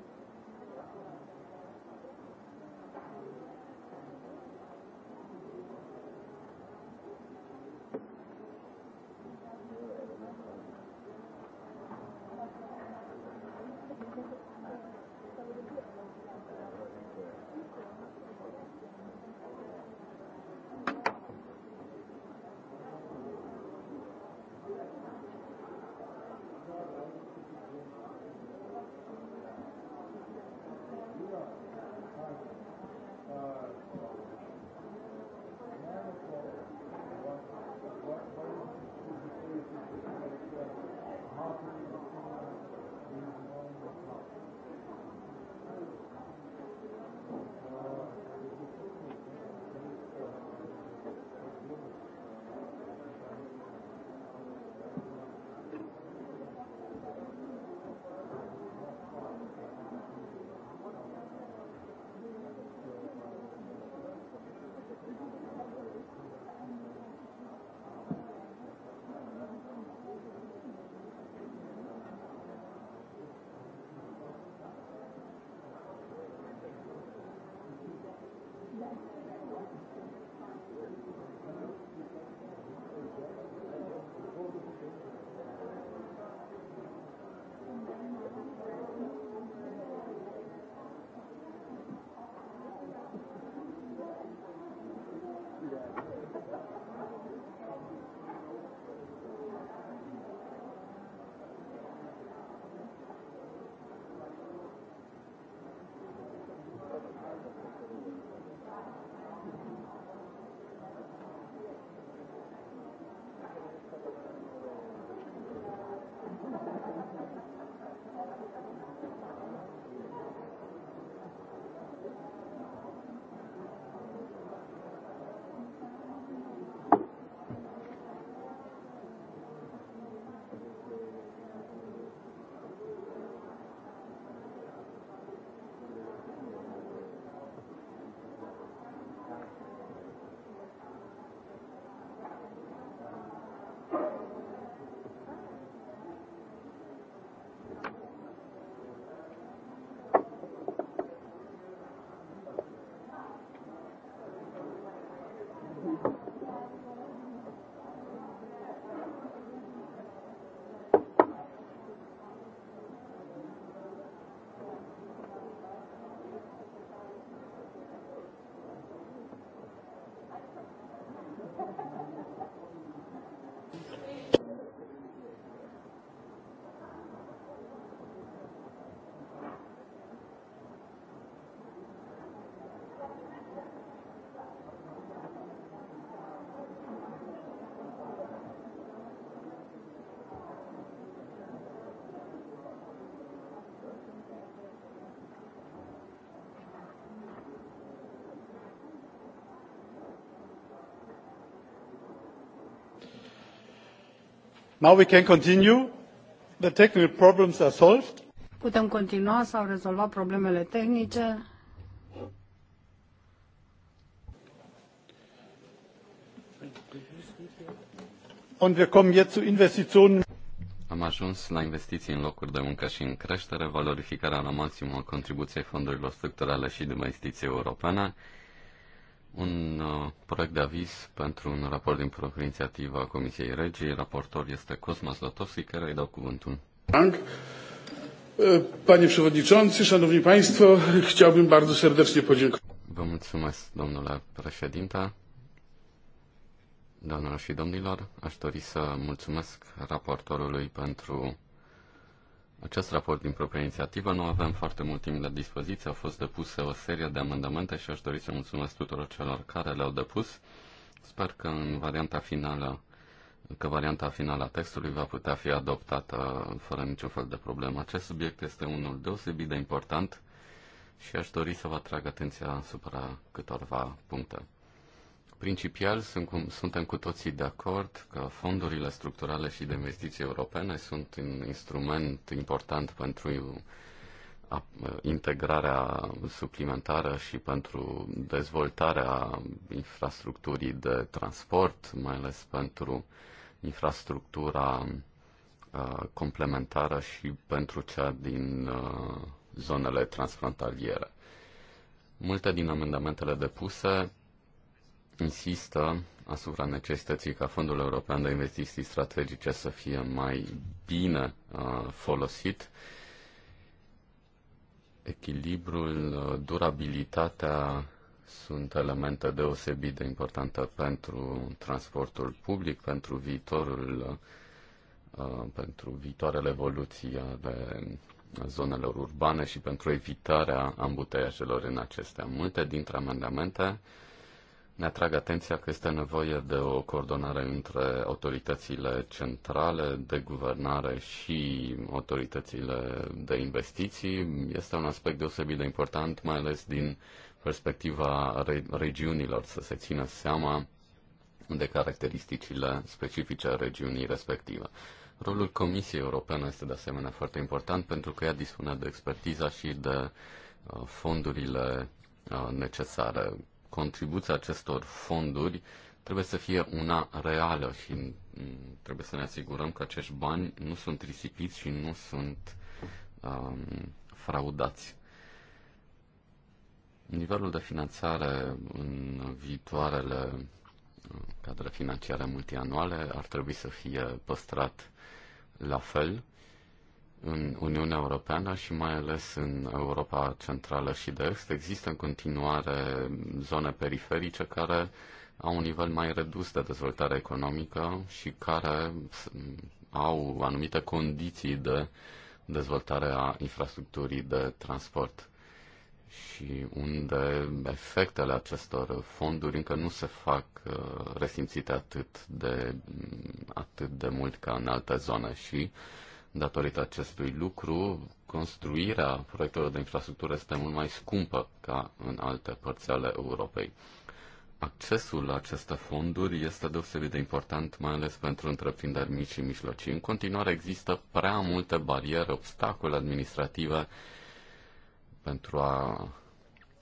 Now we can continue. The technical problems are solved. Putem continua, s-au rezolvat problemele tehnice. Und wir kommen jetzt zu Investitionen. Am ajuns la investiții în locuri de muncă și în creștere, valorificarea la maximum a contribuției fondurilor structurale și de investiții europene, proiect de aviz pentru un raport din propria inițiativă a Comisiei Regii. Raportor este Cosmas Latovski, care îi dau cuvântul. Bank. Panie Przewodniczący, Szanowni Państwo, chciałbym bardzo serdecznie podziękować. Vă mulțumesc, domnule președinte. Doamnelor și domnilor, aș dori să mulțumesc raportorului pentru acest raport din propria inițiativă. Nu avem foarte mult timp la dispoziție, au fost depuse o serie de amendamente și aș dori să mulțumesc tuturor celor care le-au depus. Sper că în varianta finală că varianta finală a textului va putea fi adoptată fără niciun fel de problemă. Acest subiect este unul deosebit de important și aș dori să vă atrag atenția asupra câtorva puncte principial sunt, suntem cu toții de acord că fondurile structurale și de investiții europene sunt un instrument important pentru uh, integrarea suplimentară și pentru dezvoltarea infrastructurii de transport, mai ales pentru infrastructura uh, complementară și pentru cea din uh, zonele transfrontaliere. Multe din amendamentele depuse insistă asupra necesității ca Fondul European de Investiții Strategice să fie mai bine uh, folosit. Echilibrul, uh, durabilitatea sunt elemente deosebit de importante pentru transportul public, pentru viitorul, uh, pentru viitoarele evoluții ale zonelor urbane și pentru evitarea ambuteiajelor în acestea. Multe dintre amendamente uh, ne atrag atenția că este nevoie de o coordonare între autoritățile centrale de guvernare și autoritățile de investiții. Este un aspect deosebit de important, mai ales din perspectiva re- regiunilor, să se țină seama de caracteristicile specifice a regiunii respective. Rolul Comisiei Europene este de asemenea foarte important pentru că ea dispune de expertiza și de uh, fondurile uh, necesare contribuția acestor fonduri trebuie să fie una reală și mm, trebuie să ne asigurăm că acești bani nu sunt risipiți și nu sunt um, fraudați. Nivelul de finanțare în viitoarele uh, cadre financiare multianuale ar trebui să fie păstrat la fel în Uniunea Europeană și mai ales în Europa Centrală și de Est, există în continuare zone periferice care au un nivel mai redus de dezvoltare economică și care au anumite condiții de dezvoltare a infrastructurii de transport și unde efectele acestor fonduri încă nu se fac uh, resimțite atât de, atât de mult ca în alte zone și uh, Datorită acestui lucru, construirea proiectelor de infrastructură este mult mai scumpă ca în alte părți ale Europei. Accesul la aceste fonduri este deosebit de important, mai ales pentru întreprinderi mici și mijlocii. În continuare există prea multe bariere, obstacole administrative pentru a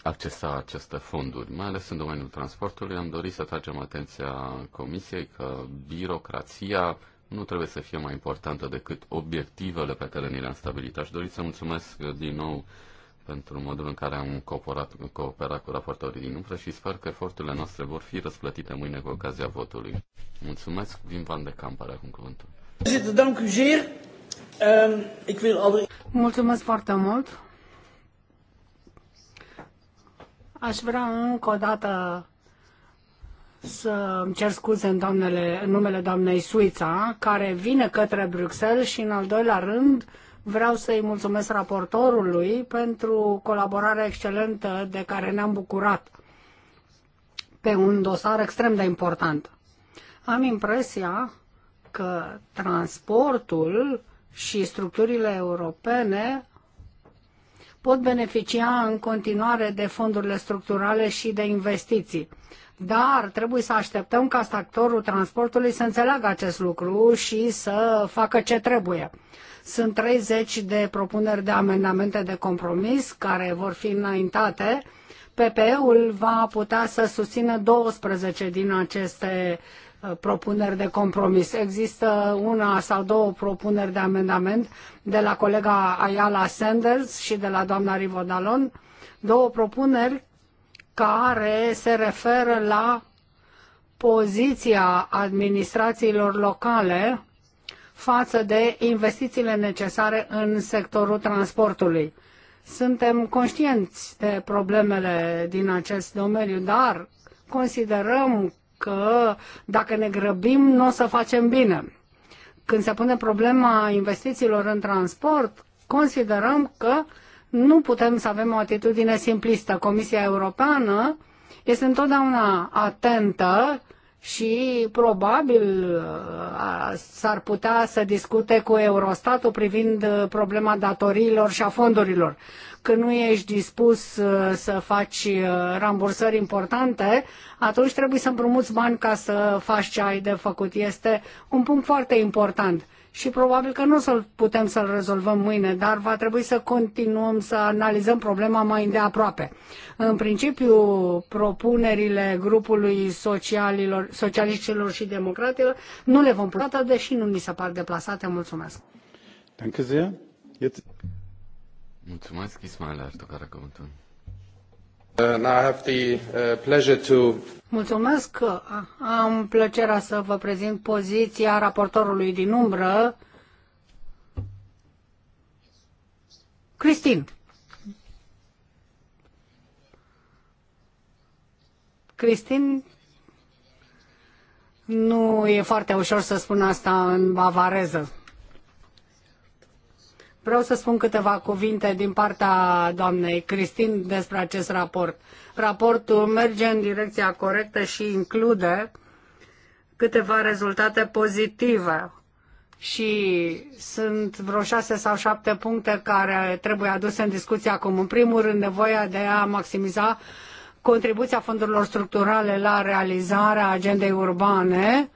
accesa aceste fonduri, mai ales în domeniul transportului. Am dorit să tragem atenția Comisiei că birocrația nu trebuie să fie mai importantă decât obiectivele pe care ni le-am stabilit. Aș dori să mulțumesc din nou pentru modul în care am cooperat, cooperat cu raportorii din umbră și sper că eforturile noastre vor fi răsplătite mâine cu ocazia votului. Mulțumesc, Vin Van de Camp, are acum cuvântul. Ehm, mulțumesc foarte mult. Aș vrea încă o dată să îmi cer scuze în, doamnele, în numele doamnei Suița, care vine către Bruxelles și, în al doilea rând, vreau să-i mulțumesc raportorului pentru colaborarea excelentă de care ne-am bucurat pe un dosar extrem de important. Am impresia că transportul și structurile europene pot beneficia în continuare de fondurile structurale și de investiții. Dar trebuie să așteptăm ca sectorul transportului să înțeleagă acest lucru și să facă ce trebuie. Sunt 30 de propuneri de amendamente de compromis care vor fi înaintate. PPE-ul va putea să susțină 12 din aceste Uh, propuneri de compromis. Există una sau două propuneri de amendament de la colega Ayala Sanders și de la doamna Rivodalon, două propuneri care se referă la poziția administrațiilor locale față de investițiile necesare în sectorul transportului. Suntem conștienți de problemele din acest domeniu, dar considerăm că dacă ne grăbim, nu o să facem bine. Când se pune problema investițiilor în transport, considerăm că nu putem să avem o atitudine simplistă. Comisia Europeană este întotdeauna atentă și probabil uh, s-ar putea să discute cu Eurostatul privind uh, problema datoriilor și a fondurilor. că nu ești dispus uh, să faci rambursări importante, atunci trebuie să împrumuți bani ca să faci ce ai de făcut. Este un punct foarte important și probabil că nu o să putem să-l rezolvăm mâine, dar va trebui să continuăm să analizăm problema mai îndeaproape. În principiu, propunerile grupului socialilor, socialiștilor și democratilor nu le vom plăta, deși nu ni se par deplasate. Mulțumesc! Mulțumesc. Mulțumesc, Ismail Ertu, care cuvântul. Uh, Mulțumesc. Am plăcerea să vă prezint poziția raportorului din umbră, Cristin. Cristin, nu e foarte ușor să spun asta în bavareză. Vreau să spun câteva cuvinte din partea doamnei Cristin despre acest raport. Raportul merge în direcția corectă și include câteva rezultate pozitive și sunt vreo șase sau șapte puncte care trebuie aduse în discuție acum. În primul rând, nevoia de a maximiza contribuția fondurilor structurale la realizarea agendei urbane,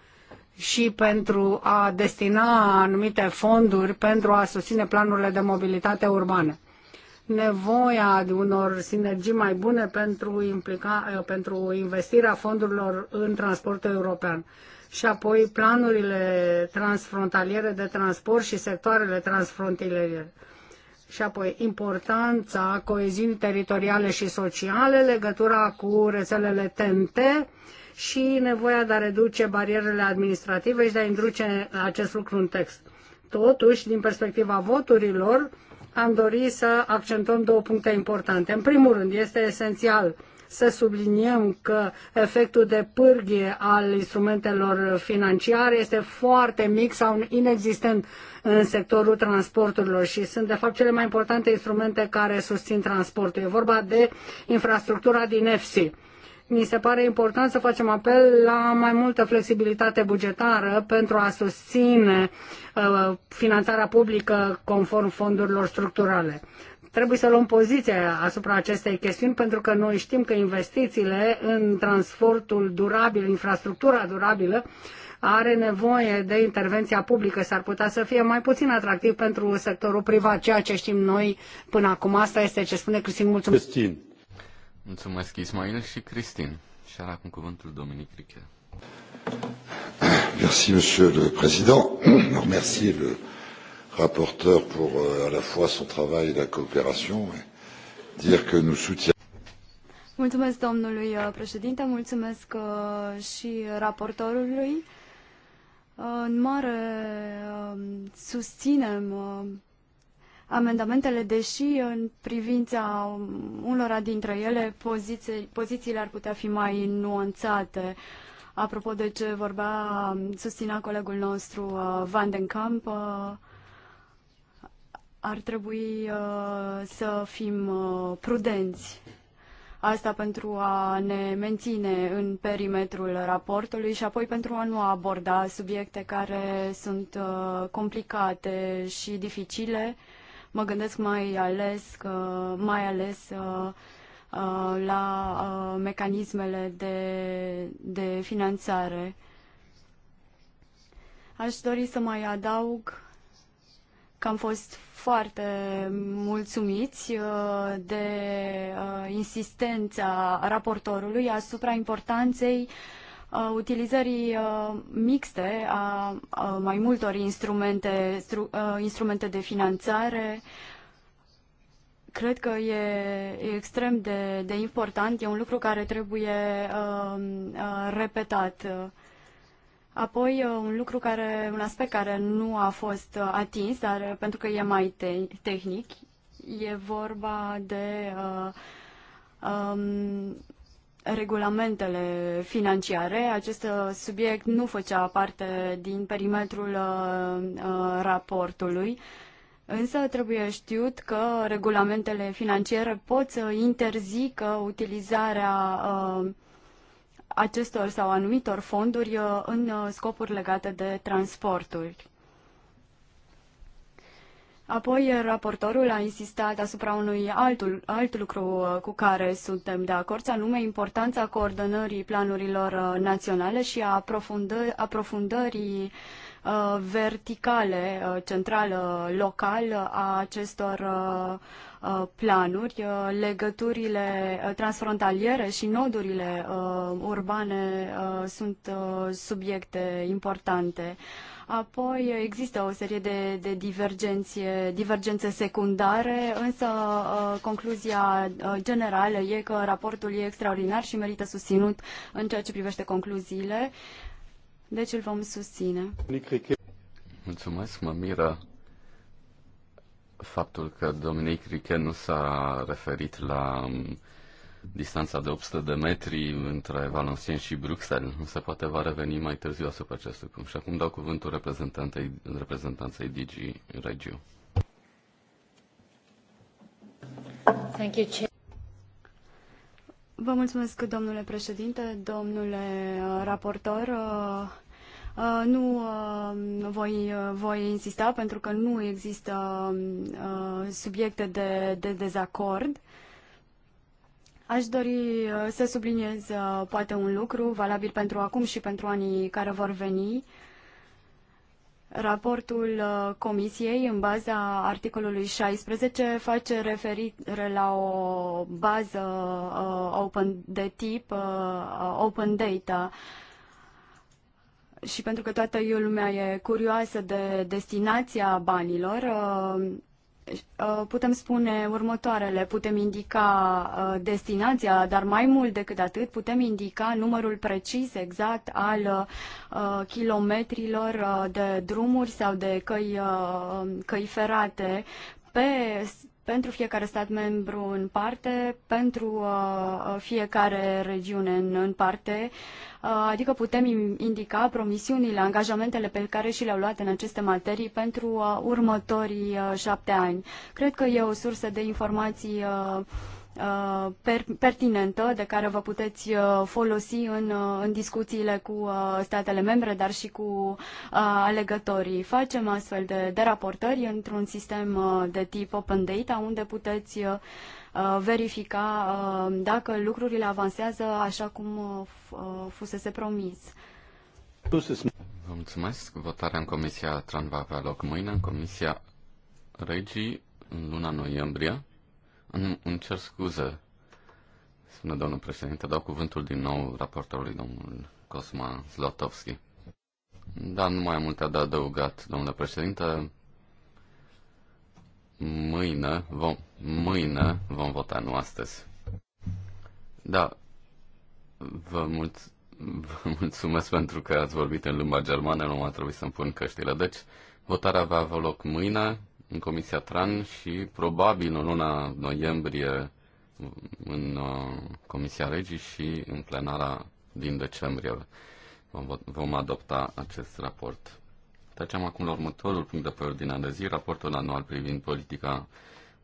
și pentru a destina anumite fonduri pentru a susține planurile de mobilitate urbană. Nevoia unor sinergii mai bune pentru, implica, eh, pentru investirea fondurilor în transportul european și apoi planurile transfrontaliere de transport și sectoarele transfrontaliere. Și apoi importanța coeziunii teritoriale și sociale, legătura cu rețelele TNT, și nevoia de a reduce barierele administrative și de a introduce acest lucru în text. Totuși, din perspectiva voturilor, am dorit să accentuăm două puncte importante. În primul rând, este esențial să subliniem că efectul de pârghie al instrumentelor financiare este foarte mic sau inexistent în sectorul transporturilor și sunt de fapt cele mai importante instrumente care susțin transportul. E vorba de infrastructura din EFSI mi se pare important să facem apel la mai multă flexibilitate bugetară pentru a susține uh, finanțarea publică conform fondurilor structurale. Trebuie să luăm poziție asupra acestei chestiuni pentru că noi știm că investițiile în transportul durabil, infrastructura durabilă, are nevoie de intervenția publică, s-ar putea să fie mai puțin atractiv pentru sectorul privat, ceea ce știm noi până acum. Asta este ce spune Cristin. Mulțumesc. Cristin. Mulțumesc, Ismail și Cristin. Și ara cu cuvântul Dominic Riche. Merci, Monsieur le Président. Merci le rapporteur pour euh, à la fois son travail et la coopération. Et dire que nous soutiens. Mulțumesc domnului uh, președinte, mulțumesc uh, și raportorului. Uh, în mare susținem amendamentele, deși în privința unora dintre ele poziții, pozițiile ar putea fi mai nuanțate. Apropo de ce vorbea, susținea colegul nostru uh, Van den Kamp, uh, ar trebui uh, să fim prudenți Asta pentru a ne menține în perimetrul raportului și apoi pentru a nu aborda subiecte care sunt complicate și dificile Mă gândesc mai ales, că mai ales uh, uh, la uh, mecanismele de, de finanțare. Aș dori să mai adaug că am fost foarte mulțumiți de insistența raportorului asupra importanței uh, Uh, utilizării uh, mixte a mai multor instrumente, uh, instrumente de finanțare. Cred că e extrem de, de important, e un lucru care trebuie repetat. Apoi, un lucru care, un aspect care nu a fost atins, dar pentru că e mai te- tehnic, e vorba de uh, um, regulamentele financiare. Acest uh, subiect nu făcea parte din perimetrul uh, uh, raportului, însă trebuie știut că regulamentele financiare pot să interzică utilizarea acestor sau anumitor fonduri în scopuri legate de transporturi. Apoi, raportorul a insistat asupra unui altul, alt lucru uh, cu care suntem de acord, anume importanța coordonării planurilor uh, naționale și a aprofundă, aprofundării uh, verticale, central, centrală, local a acestor planuri, legăturile transfrontaliere și nodurile urbane sunt subiecte importante. Apoi există o serie de, de divergențe, divergențe secundare, însă uh, concluzia uh, generală e că raportul e extraordinar și merită susținut în ceea ce privește concluziile. Deci îl vom susține. Mulțumesc, mă miră faptul că Dominic Riquet nu s-a referit la um, distanța de 800 de metri între Valenciennes și Bruxelles. Nu se poate va reveni mai târziu asupra acestui punct. Și acum dau cuvântul reprezentantei, reprezentanței DG Regio. Thank you, Chair. Vă mulțumesc, domnule președinte, domnule uh, raportor. Uh, uh, nu voi, voi insista pentru că nu există subiecte de, de dezacord. Aș dori uh, să subliniez uh, poate un lucru valabil pentru acum și pentru anii care vor veni. Raportul uh, Comisiei, în baza articolului 16, face referire la o bază open de tip open data. Și pentru că toată lumea e curioasă de destinația banilor, Uh, putem spune următoarele, putem indica uh, destinația, dar mai mult decât atât putem indica numărul precis, exact al uh, kilometrilor de drumuri sau de căi, căi ferate pe pentru fiecare stat membru în parte, pentru uh, uh, fiecare regiune în, în parte, uh, adică putem indica promisiunile, angajamentele pe care și le-au luat în aceste materii pentru uh, următorii uh, șapte ani. Cred că e o sursă de informații uh, Uh, pertinentă de care vă puteți uh, folosi în, uh, în discuțiile cu statele membre, dar și cu alegătorii. Facem astfel de, de raportări într-un sistem de tip open data, unde puteți verifica dacă lucrurile avansează așa cum fusese promis. Vă mulțumesc. Votarea în Comisia Tran va avea loc mâine, în Comisia Regii, în luna noiembrie îmi, îmi cer scuze, spune domnul președinte, dau cuvântul din nou raportorului domnul Cosma Zlotovski. Da, nu mai am multe de adăugat, domnule președinte. Mâine vom, mâine vom vota, nu astăzi. Da, vă, mulț- vă mulțumesc pentru că ați vorbit în limba germană, nu m-a trebuit să-mi pun căștile. Deci, votarea va avea loc mâine, în Comisia TRAN și probabil în luna noiembrie în uh, Comisia Regii și în plenara din decembrie vom adopta acest raport. Trecem acum la următorul punct de pe ordinea de zi, raportul anual privind politica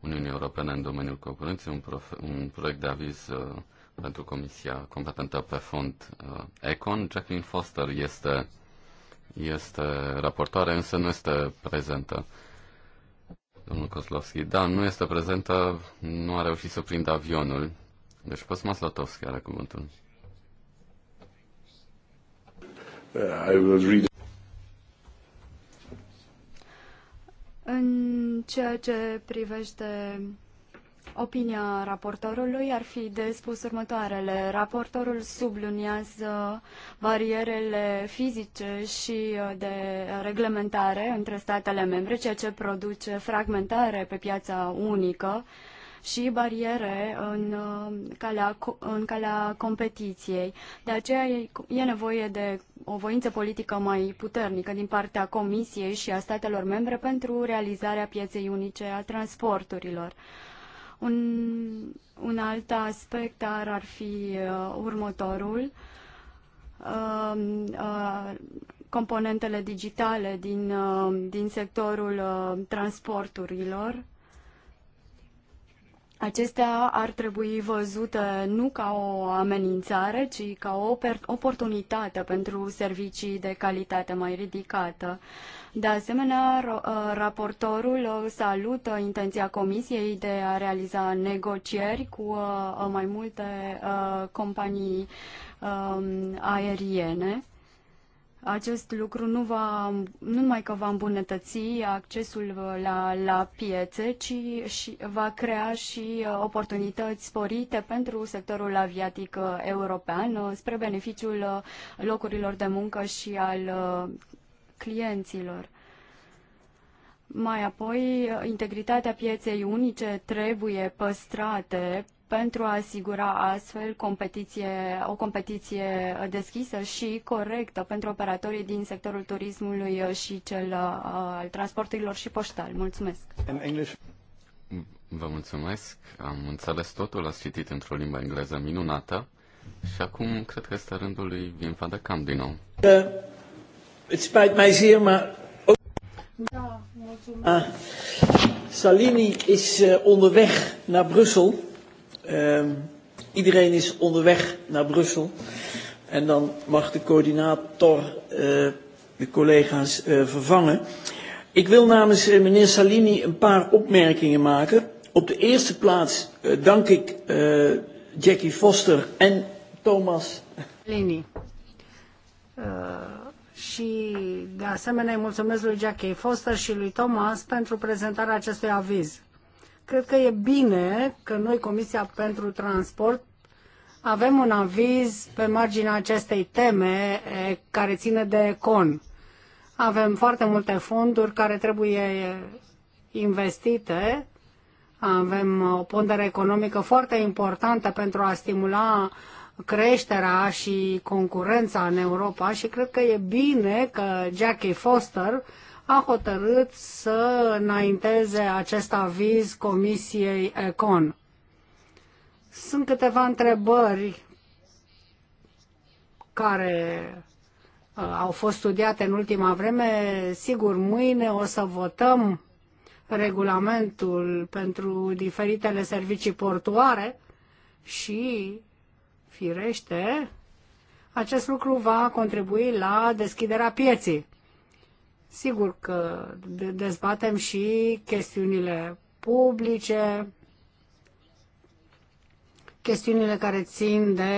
Uniunii Europene în domeniul concurenței, un, un proiect de aviz uh, pentru Comisia competentă pe fond uh, Econ. Jacqueline Foster este, este raportoare, însă nu este prezentă. Domnul Kozlovski, da, nu este prezentă, nu a reușit să prindă avionul. Deci poți Maslatovski are cuvântul. I will read. În ceea ce privește Opinia raportorului ar fi de spus următoarele. Raportorul subliniază barierele fizice și uh, de reglementare între statele membre, ceea ce produce fragmentare pe piața unică și bariere în uh, calea, în calea competiției. De aceea e nevoie de o voință politică mai puternică din partea Comisiei și a statelor membre pentru realizarea pieței unice a transporturilor. Un, un alt aspect ar, ar fi uh, următorul. Uh, uh, componentele digitale din, uh, din sectorul uh, transporturilor. Uh, Acestea ar trebui văzute nu ca o amenințare, ci ca o oportunitate pentru servicii de calitate mai ridicată. De asemenea, ă, raportorul salută intenția Comisiei de a realiza negocieri cu ă, mai multe ă, companii aeriene acest lucru nu, va, nu numai că va îmbunătăți accesul uh, la, la piețe, ci și va crea și uh, oportunități sporite pentru sectorul aviatic uh, european spre beneficiul locurilor de muncă și al clienților. Mai apoi, integritatea pieței unice trebuie păstrate pentru a asigura astfel competiție, o competiție deschisă și corectă pentru operatorii din sectorul turismului și cel uh, al transporturilor și poștal. Mulțumesc! Vă mulțumesc, am înțeles totul, ați citit într-o limbă engleză minunată și acum cred că este rândul lui Vin Van de cam din nou. Uh, mai zi, Da, mulțumesc. Ah, Salini is uh, onderweg naar Brussel. Um, iedereen is onderweg naar Brussel. En dan mag de coördinator uh, de collega's uh, vervangen. Ik wil namens uh, meneer Salini een paar opmerkingen maken. Op de eerste plaats uh, dank ik uh, Jackie Foster en Thomas Salini. Uh, și de asemenea îi mulțumesc lui Jackie Foster și lui Thomas pentru prezentarea acestui aviz. Cred că e bine că noi, Comisia pentru Transport, avem un aviz pe marginea acestei teme care ține de CON. Avem foarte multe fonduri care trebuie investite, avem o pondere economică foarte importantă pentru a stimula creșterea și concurența în Europa și cred că e bine că Jackie Foster a hotărât să înainteze acest aviz Comisiei Econ. Sunt câteva întrebări care uh, au fost studiate în ultima vreme. Sigur, mâine o să votăm regulamentul pentru diferitele servicii portuare și, firește, acest lucru va contribui la deschiderea pieții. Sigur că dezbatem și chestiunile publice, chestiunile care țin de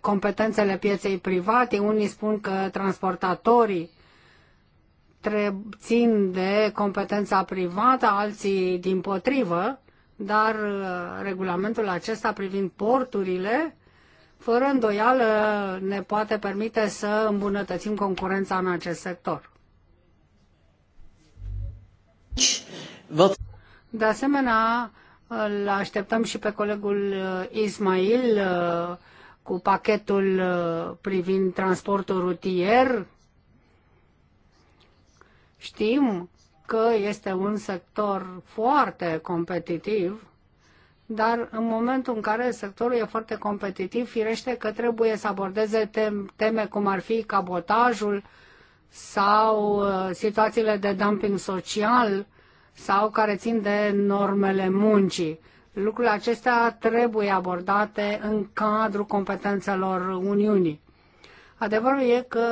competențele pieței private. Unii spun că transportatorii țin de competența privată, alții din potrivă, dar uh, regulamentul acesta privind porturile, fără îndoială, ne poate permite să îmbunătățim concurența în acest sector. De asemenea, îl așteptăm și pe colegul uh, Ismail uh, cu pachetul uh, privind transportul rutier. Știm că este un sector foarte competitiv, dar în momentul în care sectorul e foarte competitiv, firește că trebuie să abordeze teme cum ar fi cabotajul, sau uh, situațiile de dumping social sau care țin de normele muncii. Lucrurile acestea trebuie abordate în cadrul competențelor Uniunii. Adevărul e că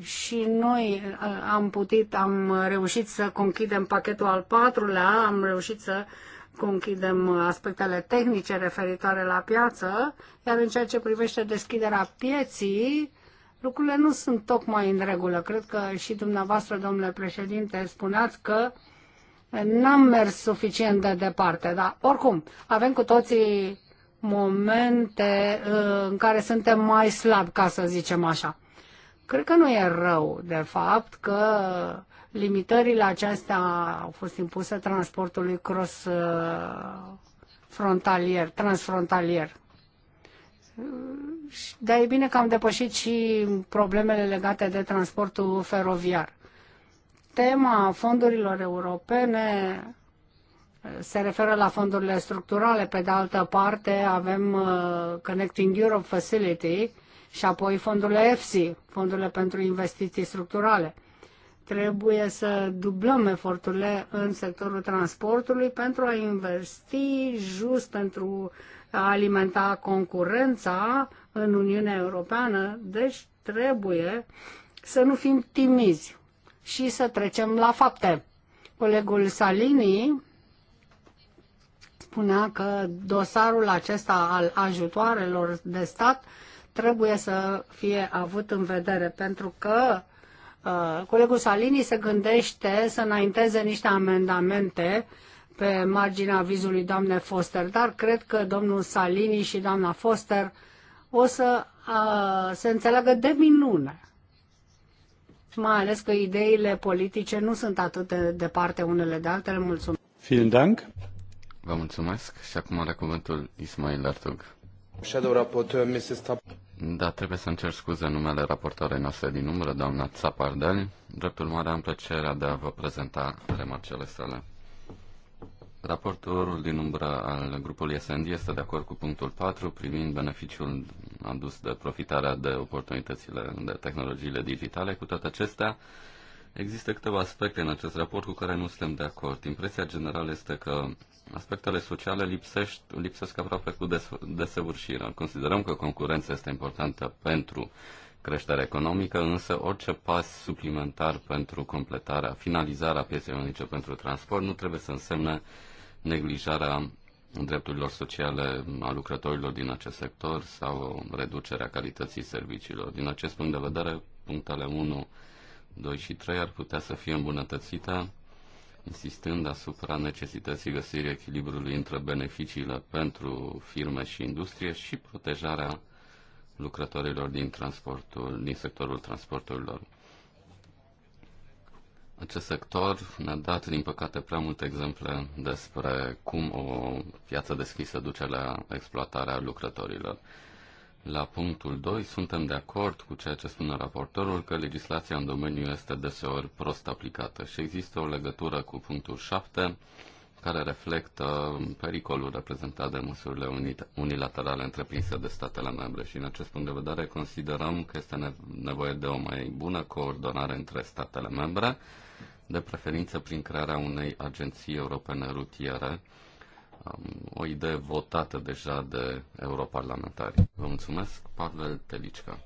și noi uh, am putut, am reușit să conchidem pachetul al patrulea, am reușit să conchidem aspectele tehnice referitoare la piață, iar în ceea ce privește deschiderea pieții, lucrurile nu sunt tocmai în regulă. Cred că și dumneavoastră, domnule președinte, spuneați că n-am mers suficient de departe, dar oricum avem cu toții momente uh, în care suntem mai slabi, ca să zicem așa. Cred că nu e rău, de fapt, că limitările acestea au fost impuse transportului cross uh, frontalier, transfrontalier dar e bine că am depășit și problemele legate de transportul feroviar. Tema fondurilor europene eh, se referă la fondurile structurale, pe de altă parte avem eh, Connecting Europe Facility și apoi fondurile EFSI, fondurile pentru investiții structurale. Trebuie să dublăm eforturile în sectorul transportului pentru a investi just pentru a alimenta concurența în Uniunea Europeană, deci trebuie să nu fim timizi și să trecem la fapte. Colegul Salini spunea că dosarul acesta al ajutoarelor de stat trebuie să fie avut în vedere, pentru că uh, colegul Salini se gândește să înainteze niște amendamente pe marginea vizului doamne Foster, dar cred că domnul Salini și doamna Foster o să a, se înțeleagă de minune. Mai ales că ideile politice nu sunt atât de departe unele de altele. Mulțumesc. Vielen Dank. Vă mulțumesc și acum are cuvântul Ismail Artug. Shadow Rapporteur, Mrs. Tap. Da, trebuie să-mi cer scuze numele raportoarei noastre din umbră, doamna Țapardel. Drept urmare, am plăcerea de a vă prezenta remarcele sale. Raportorul din umbră al grupului SND este de acord cu punctul 4 privind beneficiul adus de profitarea de oportunitățile de tehnologiile digitale. Cu toate acestea, există câteva aspecte în acest raport cu care nu suntem de acord. Impresia generală este că aspectele sociale lipsești, lipsesc aproape cu des, desăvârșire. Considerăm că concurența este importantă pentru creșterea economică, însă orice pas suplimentar pentru completarea, finalizarea pieței unice pentru transport nu trebuie să însemne neglijarea drepturilor sociale a lucrătorilor din acest sector sau reducerea calității serviciilor. Din acest punct de vedere, punctele 1, 2 și 3 ar putea să fie îmbunătățite, insistând asupra necesității găsirii echilibrului între beneficiile pentru firme și industrie și protejarea lucrătorilor din, transportul, din sectorul transporturilor. Acest sector ne-a dat, din păcate, prea multe exemple despre cum o piață deschisă duce la exploatarea lucrătorilor. La punctul 2, suntem de acord cu ceea ce spune raportorul că legislația în domeniu este deseori prost aplicată și există o legătură cu punctul 7 care reflectă pericolul reprezentat de măsurile unilaterale întreprinse de statele membre și în acest punct de vedere considerăm că este nevoie de o mai bună coordonare între statele membre de preferință prin crearea unei agenții europene rutiere, o idee votată deja de europarlamentari. Vă mulțumesc, Pavel Telicca.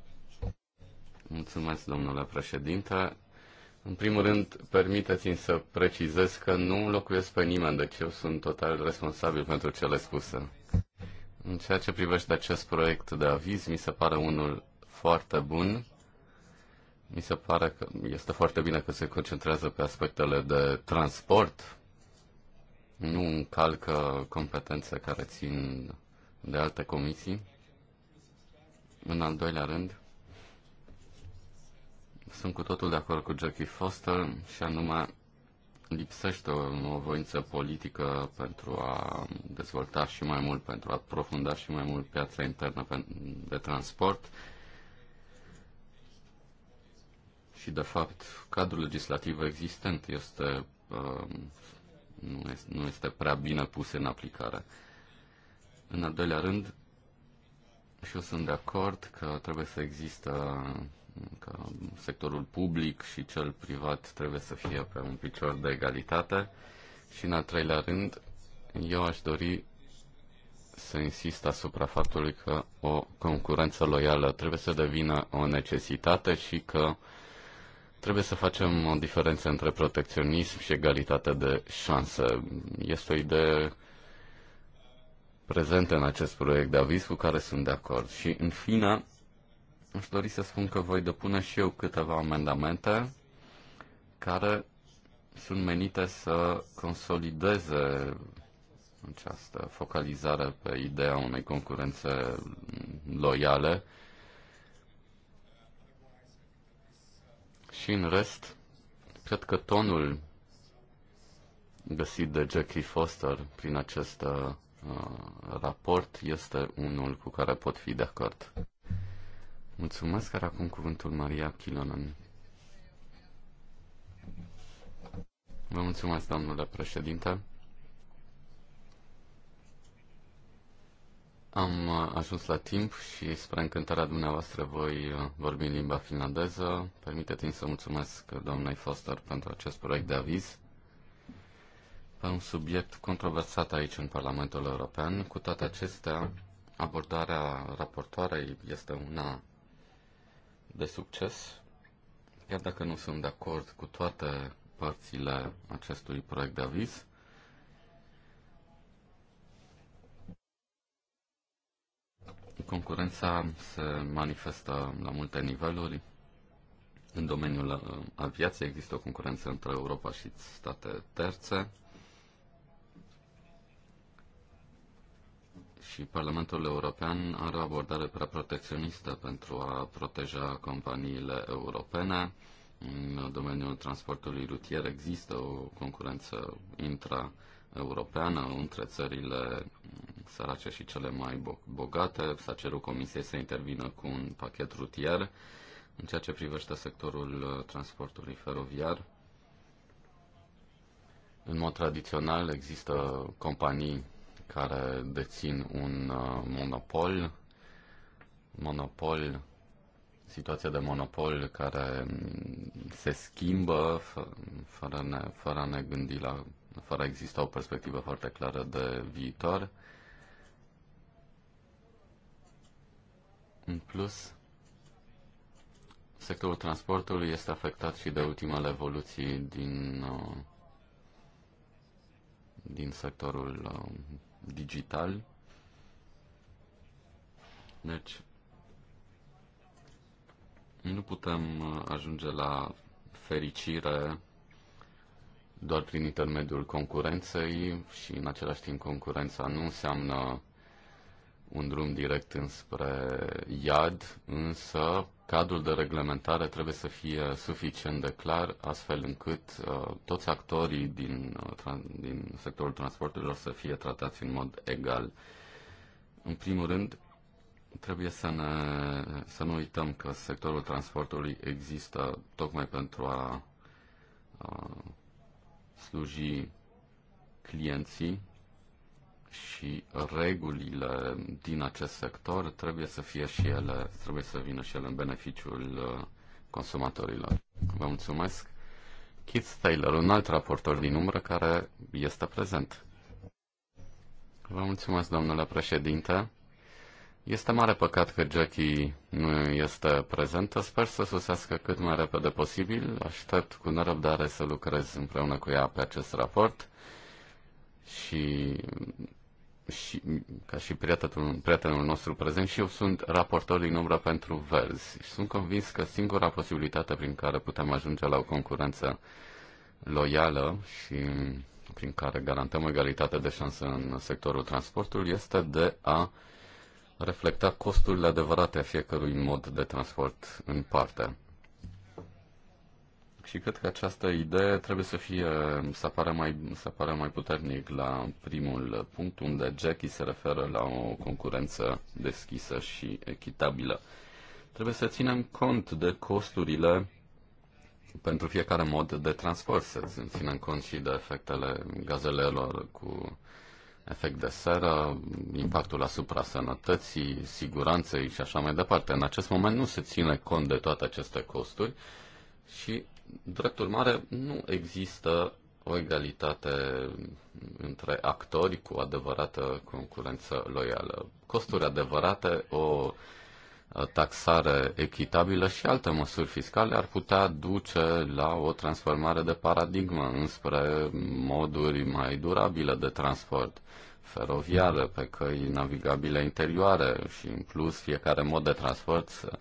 Mulțumesc, domnule președinte. În primul rând, permiteți-mi să precizez că nu locuiesc pe nimeni, deci eu sunt total responsabil pentru cele spuse. În ceea ce privește acest proiect de aviz, mi se pare unul foarte bun mi se pare că este foarte bine că se concentrează pe aspectele de transport, nu încalcă competențe care țin de alte comisii. În al doilea rând, sunt cu totul de acord cu Jackie Foster și anume lipsește o, voință politică pentru a dezvolta și mai mult, pentru a profunda și mai mult piața internă de transport și, de fapt, cadrul legislativ existent este, um, nu, este, nu este prea bine pus în aplicare. În al doilea rând, și eu sunt de acord că trebuie să există că sectorul public și cel privat trebuie să fie pe un picior de egalitate. Și în al treilea rând, eu aș dori să insist asupra faptului că o concurență loială trebuie să devină o necesitate și că uh, Trebuie să facem o diferență între protecționism și egalitate de șansă. Este o idee prezentă în acest proiect de aviz cu care sunt de acord. Și, în fine, aș dori să spun că voi depune și eu câteva amendamente care sunt menite să consolideze această focalizare pe ideea unei concurențe loiale Și în rest, cred că tonul găsit de Jackie Foster prin acest uh, raport este unul cu care pot fi de acord. Mulțumesc, care acum cuvântul Maria Chilonan. Vă mulțumesc, domnule președinte. Am uh, ajuns la timp și spre încântarea dumneavoastră voi uh, vorbi în limba finlandeză. Permiteți-mi să mulțumesc doamnei Foster pentru acest proiect de aviz pe un subiect controversat aici în Parlamentul European. Cu toate acestea, abordarea raportoarei este una de succes, chiar dacă nu sunt de acord cu toate părțile acestui proiect de aviz. Concurența se manifestă la multe niveluri. În domeniul uh, aviației există o concurență între Europa și state terțe. Și Parlamentul European are o abordare prea protecționistă pentru a proteja companiile europene. În domeniul transportului rutier există o concurență intra europeană între țările sărace și cele mai bogate. S-a cerut Comisiei să intervină cu un pachet rutier în ceea ce privește sectorul uh, transportului feroviar. În mod tradițional există companii care dețin un uh, monopol, monopol situația de monopol care se schimbă fără, ne, fără a ne gândi la fără a exista o perspectivă foarte clară de viitor. În plus, sectorul transportului este afectat și de ultimele evoluții din, uh, din sectorul uh, digital. Deci, nu putem uh, ajunge la fericire doar prin intermediul concurenței și în același timp concurența nu înseamnă un drum direct înspre iad, însă cadrul de reglementare trebuie să fie suficient de clar, astfel încât uh, toți actorii din, uh, din sectorul transporturilor să fie tratați în mod egal. În primul rând, trebuie să, ne, să nu uităm că sectorul transportului există tocmai pentru a, a uh, sluji clienții și regulile din acest sector trebuie să fie și ele, trebuie să vină și ele în beneficiul uh, consumatorilor. Vă mulțumesc. Keith Taylor, un alt raportor din umbră care este prezent. Vă mulțumesc, domnule președinte. Este mare păcat că Jackie nu este prezentă. Sper să susească cât mai repede posibil. Aștept cu nerăbdare să lucrez împreună cu ea pe acest raport și, și ca și prietenul, prietenul nostru prezent și eu sunt raportor din umbră pentru verzi. Și sunt convins că singura posibilitate prin care putem ajunge la o concurență loială și prin care garantăm egalitate de șanse în sectorul transportului este de a reflecta costurile adevărate a fiecărui mod de transport în parte. Și cred că această idee trebuie să fie, să apară mai, să apară mai puternic la primul punct, unde Jackie se referă la o concurență deschisă și echitabilă. Trebuie să ținem cont de costurile pentru fiecare mod de transport, să ținem cont și de efectele gazelelor cu efect de seră, impactul asupra sănătății, siguranței și așa mai departe. În acest moment nu se ține cont de toate aceste costuri și, drept urmare, nu există o egalitate între actori cu adevărată concurență loială. Costuri adevărate, o taxare echitabilă și alte măsuri fiscale ar putea duce la o transformare de paradigmă înspre moduri mai durabile de transport feroviare, pe căi navigabile interioare și în plus fiecare mod de transport să,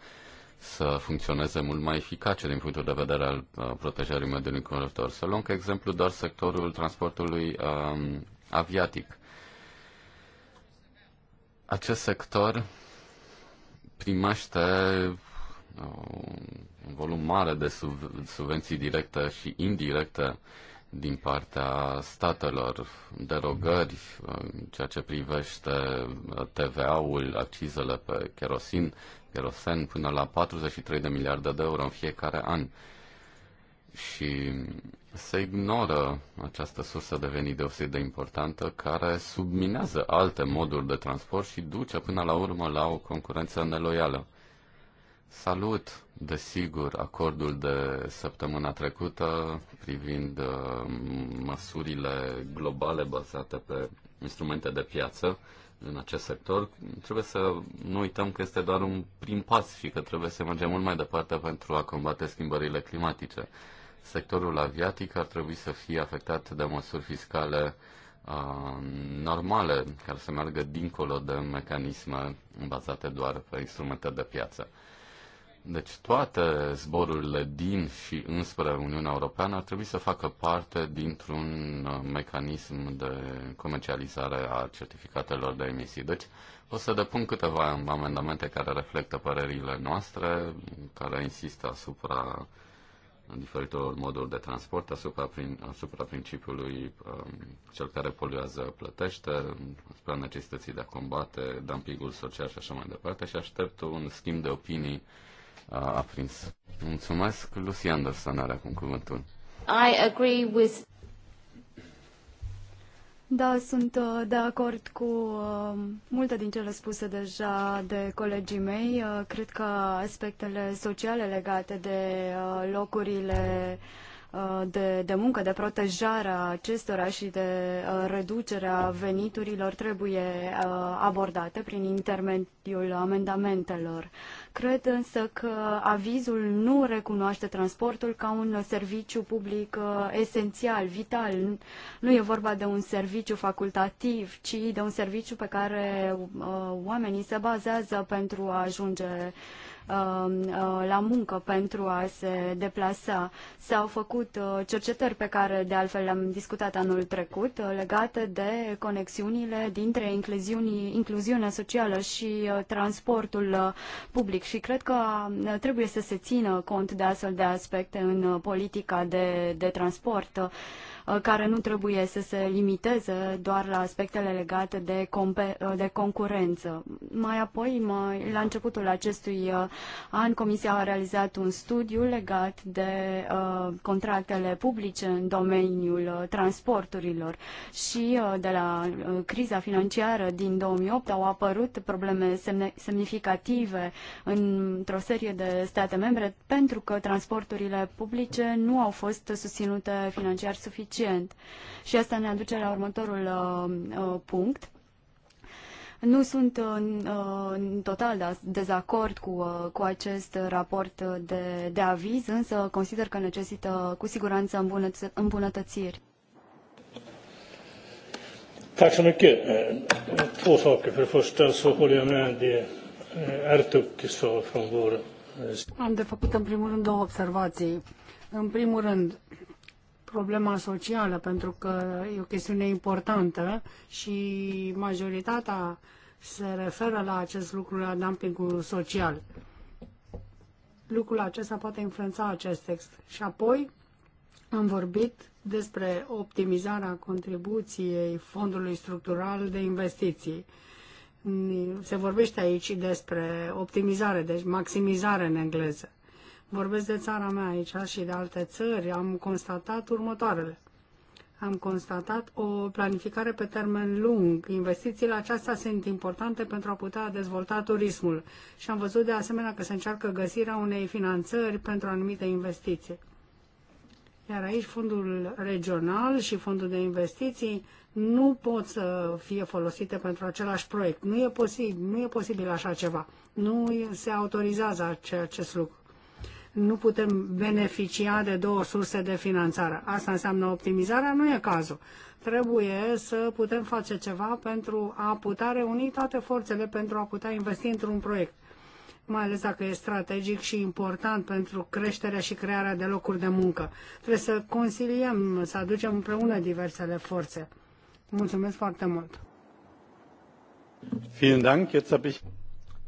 să funcționeze mult mai eficace din punctul de vedere al protejării mediului înconjurător. Să luăm ca exemplu doar sectorul transportului um, aviatic. Acest sector primește uh, un volum mare de subvenții directe și indirecte din partea statelor, derogări uh, în ceea ce privește uh, TVA-ul, accizele pe kerosin, kerosen, până la 43 de miliarde de euro în fiecare an și se ignoră această sursă de venit deosebit de importantă care subminează alte moduri de transport și duce până la urmă la o concurență neloială. Salut, desigur, acordul de săptămâna trecută privind uh, măsurile globale bazate pe instrumente de piață în acest sector. Trebuie să nu uităm că este doar un prim pas și că trebuie să mergem mult mai departe pentru a combate schimbările climatice sectorul aviatic ar trebui să fie afectat de măsuri fiscale uh, normale, care să meargă dincolo de mecanisme bazate doar pe instrumente de piață. Deci toate zborurile din și înspre Uniunea Europeană ar trebui să facă parte dintr-un mecanism de comercializare a certificatelor de emisii. Deci o să depun câteva amendamente care reflectă părerile noastre, care insistă asupra uh, diferitelor moduri de transport asupra, prin, asupra principiului um, cel care poluează plătește, asupra necesității de a combate dumpingul social și așa mai departe și aștept un schimb de opinii uh, aprins. Mulțumesc, Lucy Anderson are acum cuvântul. I agree with... Da, sunt uh, de acord cu uh, multe din cele spuse deja de colegii mei. Uh, cred că aspectele sociale legate de locurile Uh, de, de muncă, de protejarea acestora și de uh, reducerea veniturilor trebuie uh, abordate prin intermediul amendamentelor. Cred însă că avizul nu recunoaște transportul ca un serviciu public esențial, vital. Nu e vorba de un serviciu facultativ, ci de un serviciu pe care oamenii se bazează pentru a ajunge Um, uh, la muncă pentru a se deplasa. S-au făcut uh, cercetări pe care de altfel le-am discutat anul trecut uh, legate de conexiunile dintre incluziunea socială și transportul public și cred că trebuie să se țină cont de astfel de aspecte în politica de, de transport. Uh, care nu trebuie să se limiteze doar la aspectele legate de, uh, de concurență. Mai apoi, mai, la începutul acestui uh, an, Comisia a realizat un studiu legat de uh, contractele publice în domeniul transporturilor și uh, de la uh, criza financiară din 2008 au apărut probleme semne- semnificative într-o serie de state membre pentru că transporturile publice nu au fost susținute financiar suficient suficient. Și asta ne aduce la următorul uh, uh punct. Nu sunt în, uh, în total dezacord cu, uh, cu acest raport de, de aviz, însă consider că necesită cu siguranță îmbunătățiri. Tack så mycket. Eh, två saker. För det första så håller jag med det eh, Ertuk sa från vår... Eh, Am de făcut în primul rând două observații. În primul rând, problema socială, pentru că e o chestiune importantă și majoritatea se referă la acest lucru, la dumpingul social. Lucrul acesta poate influența acest text. Și apoi am vorbit despre optimizarea contribuției Fondului Structural de Investiții. Se vorbește aici despre optimizare, deci maximizare în engleză vorbesc de țara mea aici și de alte țări, am constatat următoarele. Am constatat o planificare pe termen lung. Investițiile acestea sunt importante pentru a putea dezvolta turismul și am văzut de asemenea că se încearcă găsirea unei finanțări pentru anumite investiții. Iar aici fondul regional și fondul de investiții nu pot să fie folosite pentru același proiect. Nu e posibil, nu e posibil așa ceva. Nu se autorizează acest lucru nu putem beneficia de două surse de finanțare. Asta înseamnă optimizarea? Nu e cazul. Trebuie să putem face ceva pentru a putea reuni toate forțele pentru a putea investi într-un proiect mai ales dacă e strategic și important pentru creșterea și crearea de locuri de muncă. Trebuie să consiliem, să aducem împreună diversele forțe. Mulțumesc foarte mult! Vielen Dank. Jetzt habe ich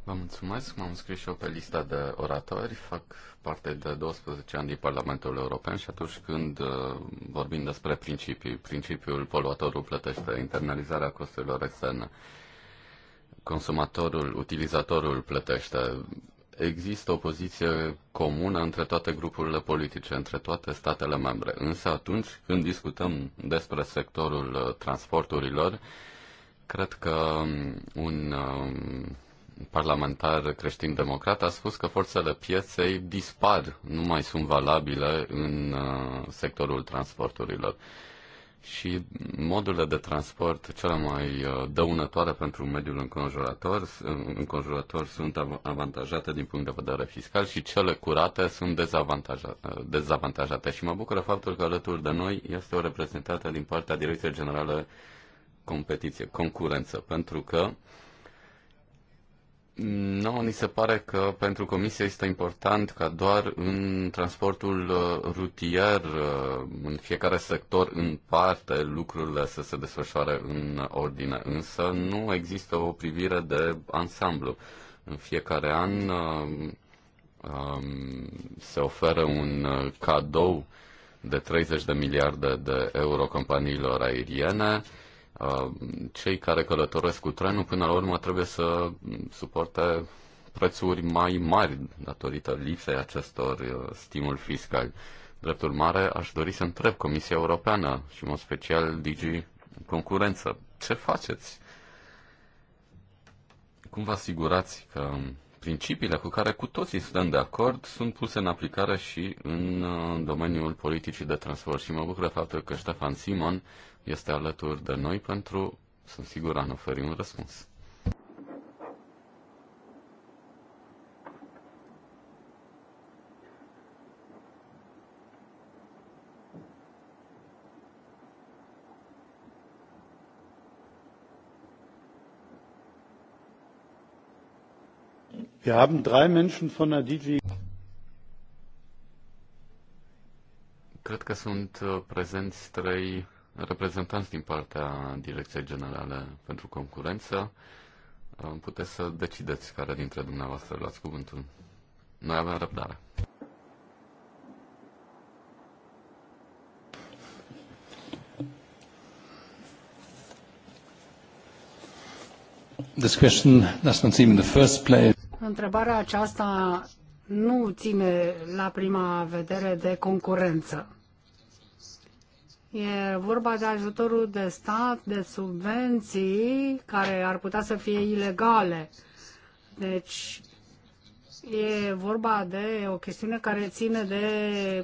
Vă mulțumesc, m-am înscris și eu pe lista de oratori, fac parte de 12 ani din Parlamentul European și atunci când uh, vorbim despre principii, principiul poluatorul plătește, internalizarea costurilor externe, consumatorul, utilizatorul plătește, există o poziție comună între toate grupurile politice, între toate statele membre. Însă atunci când discutăm despre sectorul uh, transporturilor, cred că um, un um, parlamentar creștin-democrat a spus că forțele pieței dispar, nu mai sunt valabile în uh, sectorul transporturilor. Și modurile de transport cele mai uh, dăunătoare pentru mediul înconjurător, uh, înconjurător sunt avantajate din punct de vedere fiscal și cele curate sunt dezavantajate. dezavantajate. Și mă bucură faptul că alături de noi este o reprezentată din partea Direcției Generală Competiție, Concurență, pentru că uh, No, ni se pare că pentru Comisie este important ca doar în transportul uh, rutier, uh, în fiecare sector în parte, lucrurile să se desfășoare în ordine. Însă nu există o privire de ansamblu. În fiecare an uh, um, se oferă un cadou de 30 de miliarde de euro companiilor aeriene Uh, cei care călătoresc cu trenul, până la urmă, trebuie să suporte prețuri mai mari datorită lipsei acestor uh, stimul fiscal. Drept urmare, aș dori să întreb Comisia Europeană și, în mod special, DG Concurență. Ce faceți? Cum vă asigurați că principiile cu care cu toții suntem de acord sunt puse în aplicare și în uh, domeniul politicii de transport? Și mă bucură faptul că Ștefan Simon este alături de noi pentru, sunt sigur, a ne oferi un răspuns. Wir haben drei Menschen von der DG. Cred că sunt uh, prezenți trei reprezentanți din partea Direcției Generale pentru Concurență, puteți să decideți care dintre dumneavoastră luați cuvântul. Noi avem răbdare. This question not seem in the first place. Întrebarea aceasta nu ține la prima vedere de concurență E vorba de ajutorul de stat, de subvenții care ar putea să fie ilegale. Deci e vorba de o chestiune care ține de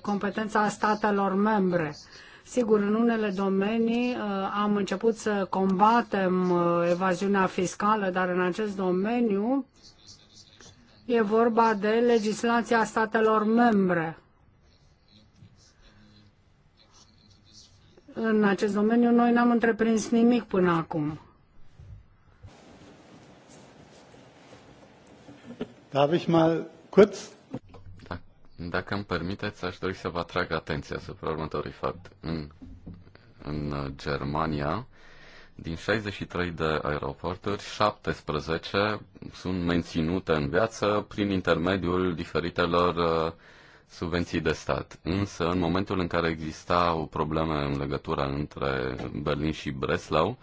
competența statelor membre. Sigur, în unele domenii uh, am început să combatem uh, evaziunea fiscală, dar în acest domeniu e vorba de legislația statelor membre în acest domeniu noi n-am întreprins nimic până acum. Darf ich mal kurz? Da, dacă îmi permiteți, aș dori să vă atrag atenția asupra următorului fapt. În, în Germania, din 63 de aeroporturi, 17 sunt menținute în viață prin intermediul diferitelor uh, subvenții de stat. Însă, în momentul în care exista o problemă în legătura între Berlin și Breslau,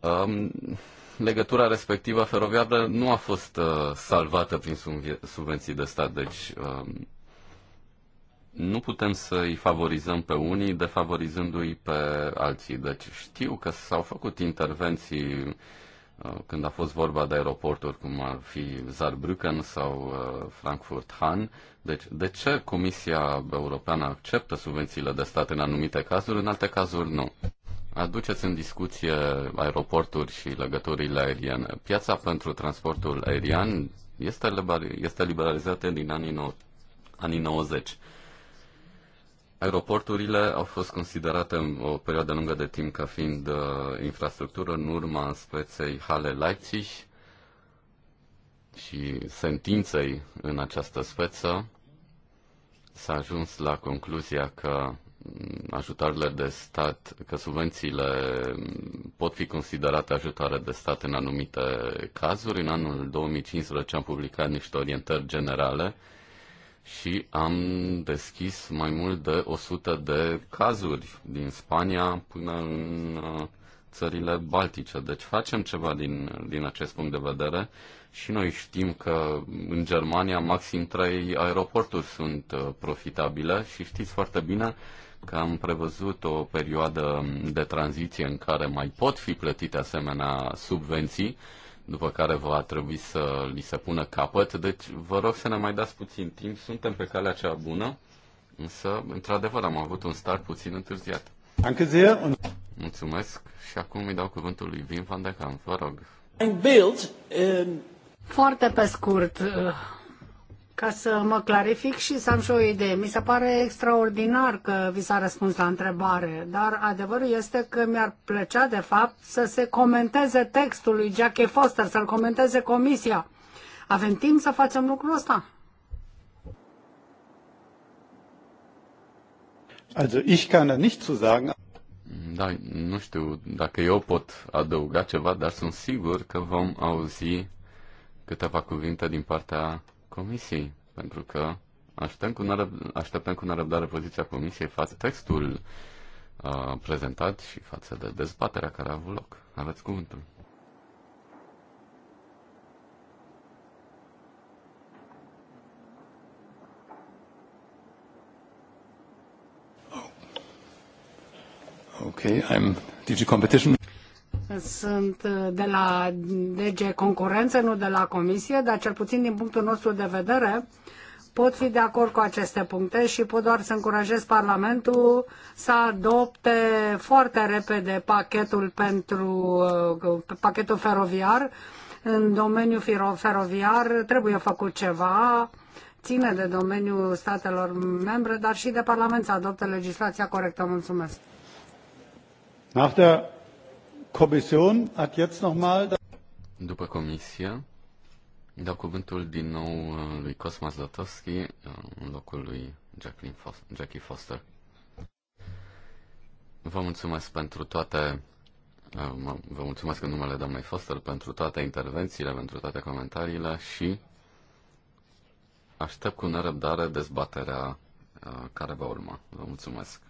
um, legătura respectivă feroviară nu a fost uh, salvată prin subvenții de stat. Deci, um, nu putem să îi favorizăm pe unii, defavorizându-i pe alții. Deci știu că s-au făcut intervenții Uh, când a fost vorba de aeroporturi cum ar fi Saarbrücken sau uh, Frankfurt Hahn. Deci, de ce Comisia Europeană acceptă subvențiile de stat în anumite cazuri, în alte cazuri nu? Aduceți în discuție aeroporturi și legăturile aeriene. Piața pentru transportul aerian este, este liberalizată din anii, no- anii 90. Aeroporturile au fost considerate în o perioadă lungă de timp ca fiind uh, infrastructură în urma speței Hale Leipzig și sentinței în această speță s-a ajuns la concluzia că mm, ajutoarele de stat, că subvențiile pot fi considerate ajutoare de stat în anumite cazuri. În anul 2015 am publicat niște orientări generale uh, și am deschis mai mult de 100 de cazuri din Spania până în uh, țările baltice. Deci facem ceva din, din acest punct de vedere și noi știm că în Germania maxim 3 aeroporturi sunt uh, profitabile și știți foarte bine că am prevăzut o perioadă de tranziție în care mai pot fi plătite asemenea subvenții după care va trebui să li se pună capăt. Deci vă rog să ne mai dați puțin timp, suntem pe calea cea bună, însă, într-adevăr, am avut un start puțin întârziat. Mulțumesc și acum îi dau cuvântul lui Vin van de Kamp, vă rog. Foarte pe scurt, ca să mă clarific și să am și o idee. Mi se pare extraordinar că vi s-a răspuns la întrebare, dar adevărul este că mi-ar plăcea, de fapt, să se comenteze textul lui Jackie Foster, să-l comenteze comisia. Avem timp să facem lucrul ăsta? Also ich kann da nicht zu sagen. Da, nu știu dacă eu pot adăuga ceva, dar sunt sigur că vom auzi câteva cuvinte din partea Comisiei, pentru că așteptăm cu, nerăb- așteptăm cu nerăbdare poziția Comisiei față textul uh, prezentat și față de dezbaterea care a avut loc. Aveți cuvântul. Okay, I'm DG Competition sunt uh, de la DG Concurență, nu de la Comisie, dar cel puțin din punctul nostru de vedere pot fi de acord cu aceste puncte și pot doar să încurajez Parlamentul să adopte foarte repede pachetul pentru uh, pachetul feroviar. În domeniul feroviar trebuie făcut ceva, ține de domeniul statelor membre, dar și de Parlament să adopte legislația corectă. Mulțumesc. After da- După comisie, dau cuvântul din nou uh, lui Cosmas Zlatowski uh, în locul lui Jacqueline Foster, Jackie Foster. Vă mulțumesc pentru toate uh, Vă mulțumesc în numele doamnei Foster pentru toate intervențiile, pentru toate comentariile și aștept cu nerăbdare dezbaterea care va urma. Vă mulțumesc.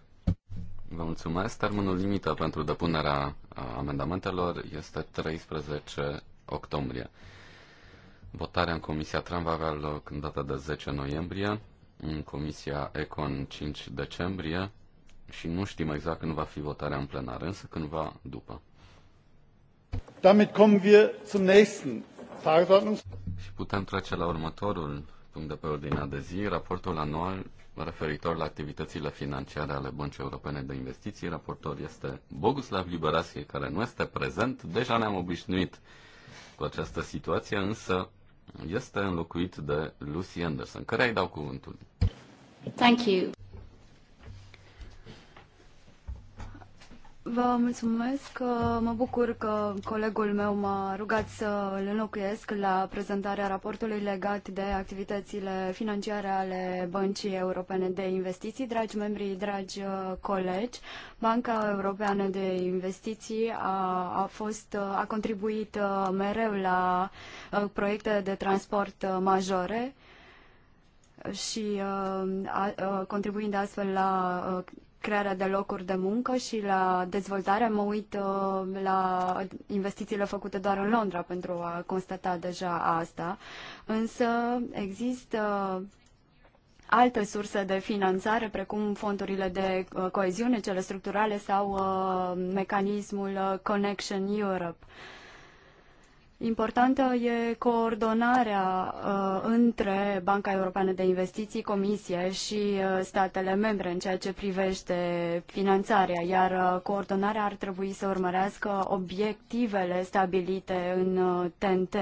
Vă mulțumesc. Termenul limită pentru depunerea uh, amendamentelor este 13 octombrie. Votarea în Comisia Tram va avea loc în data de 10 noiembrie, în Comisia Econ 5 decembrie și nu știm exact când va fi votarea în plenară, însă cândva după. Damit kommen wir zum nächsten Și putem trece la următorul punct de pe ordinea de zi, raportul anual referitor la activitățile financiare ale Băncii Europene de Investiții. Raportor este Boguslav Liberaschi, care nu este prezent. Deja ne-am obișnuit cu această situație, însă este înlocuit de Lucy Anderson, care îi dau cuvântul. Thank you. Vă mulțumesc. Mă bucur că colegul meu m-a rugat să îl înlocuiesc la prezentarea raportului legat de activitățile financiare ale Băncii Europene de Investiții. Dragi membri, dragi uh, colegi, Banca Europeană de Investiții a, a, fost, uh, a contribuit uh, mereu la proiecte de transport majore și a, a, contribuind astfel la crearea de locuri de muncă și la dezvoltare. Mă uit uh, la investițiile făcute doar în Londra pentru a constata deja asta. Însă există alte surse de finanțare, precum fondurile de uh, coeziune, cele structurale sau uh, mecanismul Connection Europe. Uh, Importantă e coordonarea uh, între Banca Europeană de Investiții, Comisie și uh, statele membre în ceea ce privește finanțarea, iar uh, coordonarea ar trebui să urmărească obiectivele stabilite în uh, TNT.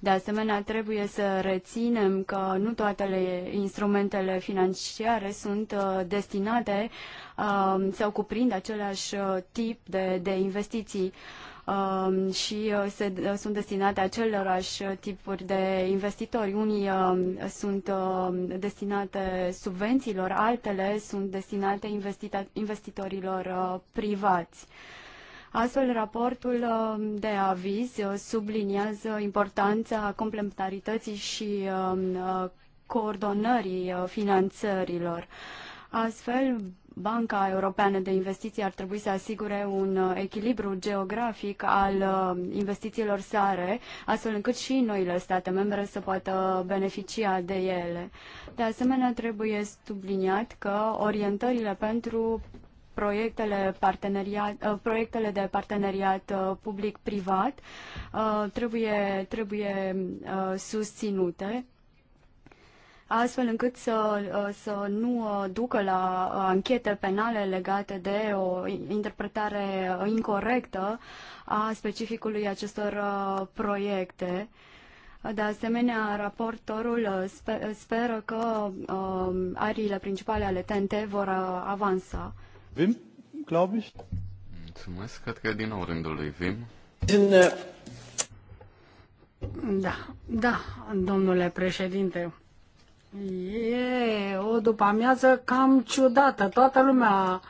De asemenea, trebuie să reținem că nu toate instrumentele financiare sunt uh, destinate uh, sau cuprind același uh, tip de, de investiții. Uh, Um, și uh, se, uh, sunt destinate acelorași tipuri de investitori. Unii um, sunt um, destinate subvențiilor, altele sunt destinate investitorilor uh, privați. Astfel, raportul de aviz subliniază importanța complementarității și coordonării finanțărilor. Astfel, Banca Europeană de Investiții ar trebui să asigure un uh, echilibru geografic al uh, investițiilor sare, astfel încât și noile state membre să poată beneficia de ele. De asemenea, trebuie subliniat că orientările pentru proiectele, parteneriat, uh, proiectele de parteneriat public-privat trebuie, trebuie susținute astfel încât să, uh, să nu uh, ducă la uh, anchete penale legate de o interpretare incorrectă a specificului acestor proiecte. De asemenea, raportorul speră că ariile principale ale TNT vor avansa. Vim, glaube Mulțumesc, cred că din nou rândul lui Vim. Din, da, da, domnule președinte. E o după-amiază cam ciudată. Toată lumea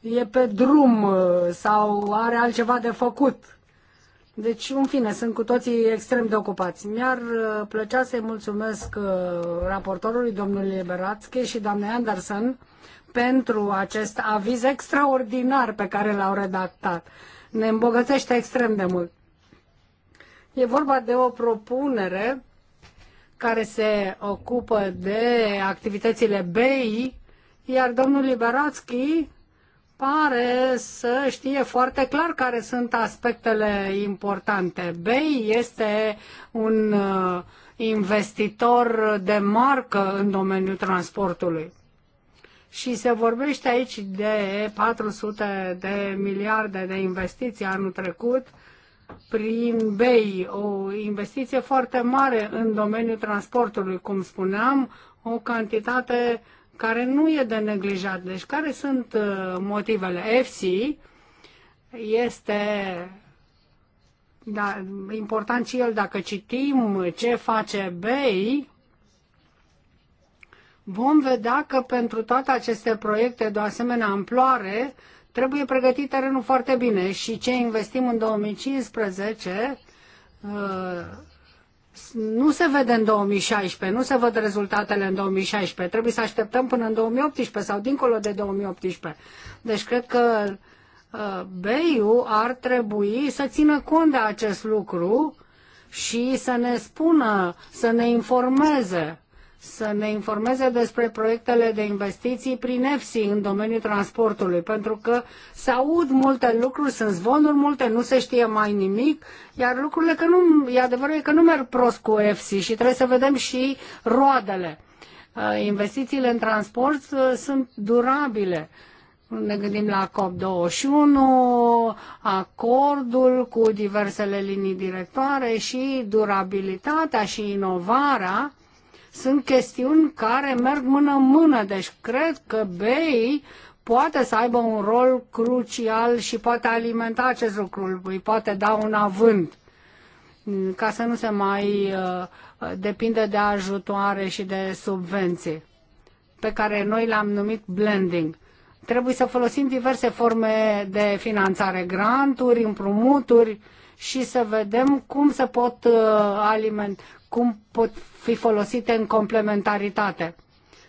e pe drum uh, sau are altceva de făcut. Deci, în fine, sunt cu toții extrem de ocupați. Mi-ar uh, plăcea să-i mulțumesc uh, raportorului, domnul Liberațche și doamnei Anderson, pentru acest aviz extraordinar pe care l-au redactat. Ne îmbogățește extrem de mult. E vorba de o propunere care se ocupă de activitățile BEI, iar domnul Liberatski pare să știe foarte clar care sunt aspectele importante. BEI este un uh, investitor de marcă în domeniul transportului. Și se vorbește aici de 400 de miliarde de investiții anul trecut, prin BEI, o investiție foarte mare în domeniul transportului, cum spuneam, o cantitate care nu e de neglijat. Deci care sunt uh, motivele? FC este da, important și el dacă citim ce face BEI, vom vedea că pentru toate aceste proiecte de o asemenea amploare Trebuie pregătit terenul foarte bine și ce investim în 2015 uh, nu se vede în 2016, nu se văd rezultatele în 2016. Trebuie să așteptăm până în 2018 sau dincolo de 2018. Deci cred că uh, BEIU ar trebui să țină cont de acest lucru și să ne spună, să ne informeze să ne informeze despre proiectele de investiții prin EFSI în domeniul transportului, pentru că se aud multe lucruri, sunt zvonuri multe, nu se știe mai nimic, iar lucrurile că nu, e adevărul că nu merg prost cu EFSI și trebuie să vedem și roadele. Uh, investițiile în transport uh, sunt durabile ne gândim la COP21, acordul cu diversele linii directoare și durabilitatea și inovarea sunt chestiuni care merg mână-mână, deci cred că BEI poate să aibă un rol crucial și poate alimenta acest lucru, îi poate da un avânt ca să nu se mai uh, depinde de ajutoare și de subvenții, pe care noi l-am numit blending. Trebuie să folosim diverse forme de finanțare, granturi, împrumuturi și să vedem cum se pot uh, aliment, cum pot fi folosite în complementaritate.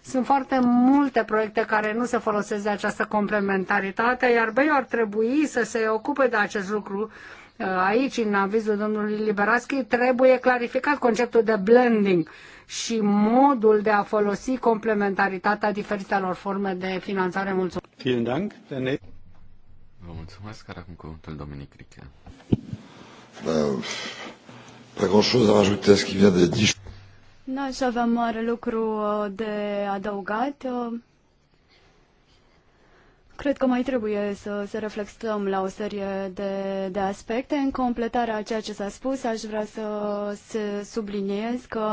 Sunt foarte multe proiecte care nu se folosesc de această complementaritate, iar BEI ar trebui să se ocupe de acest lucru. Uh, aici, în avizul domnului Liberaschi, trebuie clarificat conceptul de blending și modul de a folosi complementaritatea diferitelor forme de finanțare. Mulțumesc! Vă mulțumesc, care acum cuvântul Dominic Riche grand chose à rajouter à ce qui vient d'être dit. Nu aș avea mare lucru uh, de adăugat. Uh, cred că mai trebuie să, se reflectăm la o serie de, de aspecte. În completarea a ceea ce s-a spus, aș vrea să, să subliniez că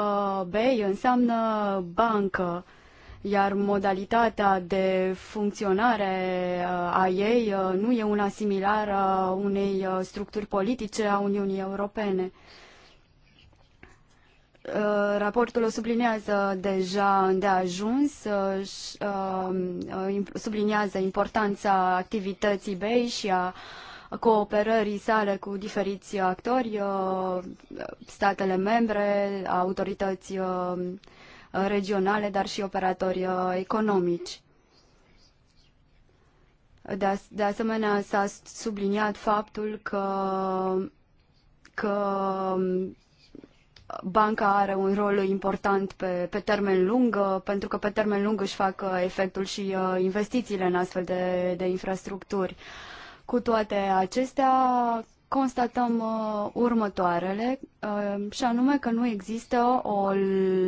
BEI înseamnă bancă, iar modalitatea de funcționare uh, a ei nu e una similară unei structuri politice a Uniunii Europene. Uh, raportul o subliniază deja îndeajuns, uh, uh, subliniază importanța activității BEI și a cooperării sale cu diferiți actori, statele membre, autorități regionale, dar și operatori economici. De, de asemenea, s-a subliniat faptul că, că banca are un rol important pe, pe termen lung, uh, pentru că pe termen lung își fac uh, efectul și uh, investițiile în astfel de, de infrastructuri. Cu toate acestea, constatăm următoarele, și anume că nu există o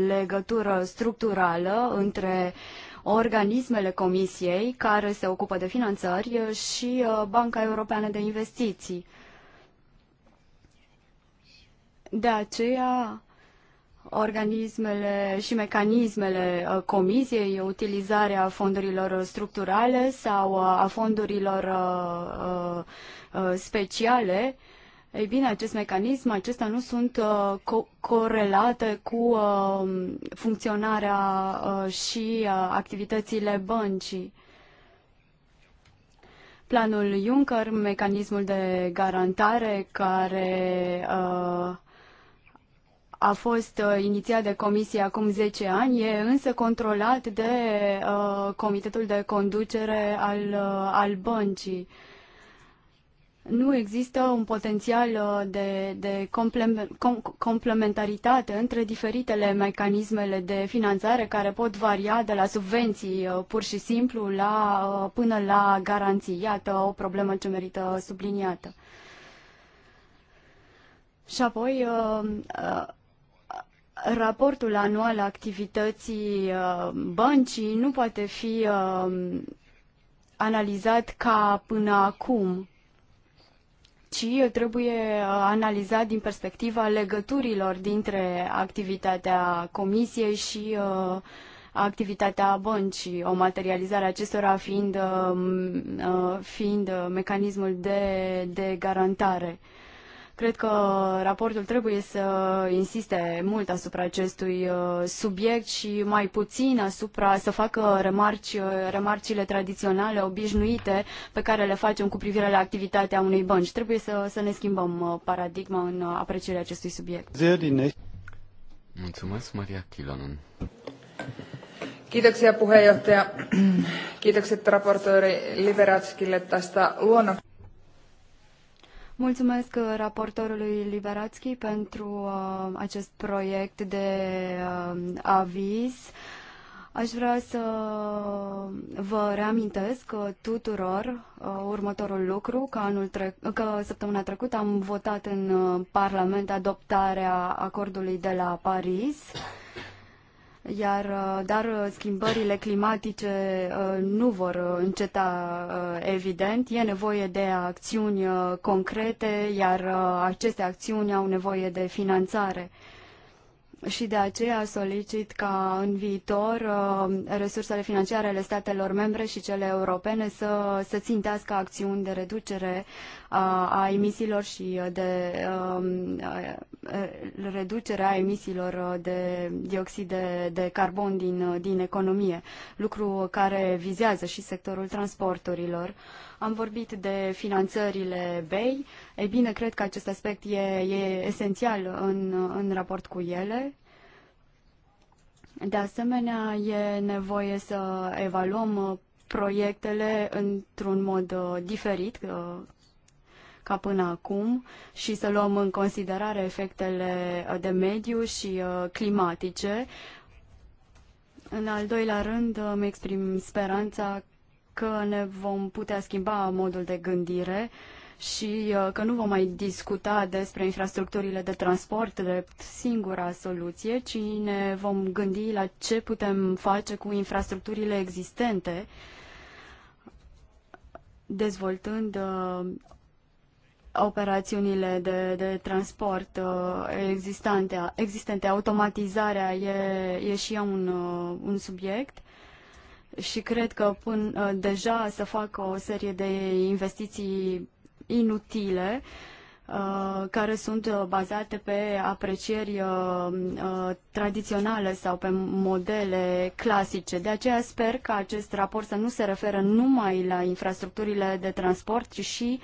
legătură structurală între organismele Comisiei care se ocupă de finanțări și Banca Europeană de Investiții. De aceea, organismele și mecanismele uh, comisiei, utilizarea fondurilor structurale sau uh, a fondurilor uh, speciale, ei bine, acest mecanism, acestea nu sunt uh, co- corelate cu uh, funcționarea uh, și uh, activitățile băncii. Planul Juncker, mecanismul de garantare care uh, a fost uh, inițiat de comisie acum 10 ani, e însă controlat de uh, comitetul de conducere al, uh, al băncii. Nu există un potențial uh, de, de complementaritate între diferitele mecanismele de finanțare care pot varia de la subvenții uh, pur și simplu la, până la garanții. Iată o problemă ce merită subliniată. Și apoi, raportul anual al activității uh, băncii nu poate fi uh, analizat ca până acum, ci trebuie uh, analizat din perspectiva legăturilor dintre activitatea comisiei și activitatea băncii, o materializare a acestora fiind, um, fiind mecanismul de, de garantare. Cred că raportul trebuie să insiste mult asupra acestui uh, subiect și mai puțin asupra să facă remarci, uh, remarcile tradiționale, obișnuite, pe care le facem cu privire la activitatea unei bănci. Trebuie să, să ne schimbăm uh, paradigma în aprecierea acestui subiect. Mulțumesc, Maria Kilonen. Kiitoksia puheenjohtaja. Kiitokset raportööri Liberatskille tästä luonnoksesta. Mulțumesc uh, raportorului Liberatski pentru uh, acest proiect de uh, aviz. Aș vrea să vă reamintesc uh, tuturor uh, următorul lucru, că, anul trec, că săptămâna trecută am votat în Parlament adoptarea acordului de la Paris iar, uh, dar uh, schimbările climatice uh, nu vor înceta, evident. E nevoie de acțiuni concrete, iar aceste acțiuni au nevoie de finanțare. Și de aceea solicit ca în viitor resursele financiare ale statelor membre și cele europene să, să țintească acțiuni de reducere a emisiilor și uh, de um, reducerea emisiilor uh, de dioxid de, de carbon din, uh, din economie, lucru care vizează și sectorul transporturilor. Am vorbit de finanțările BEI. Ei bine, cred că acest aspect e, e esențial în, în raport cu ele. De asemenea, e nevoie să evaluăm proiectele într-un mod diferit ca până acum și să luăm în considerare efectele uh, de mediu și uh, climatice. În al doilea rând, uh, îmi exprim speranța că ne vom putea schimba modul de gândire și că nu vom mai discuta despre infrastructurile de transport drept singura soluție, ci ne vom gândi la ce putem face cu infrastructurile existente, dezvoltând operațiunile de, de transport uh, existante, existente. Automatizarea e, e și ea un, uh, un subiect și cred că până, uh, deja să facă o serie de investiții inutile care sunt bazate pe aprecieri tradiționale sau pe modele clasice. De aceea sper că acest raport să nu se referă numai la infrastructurile de transport, ci și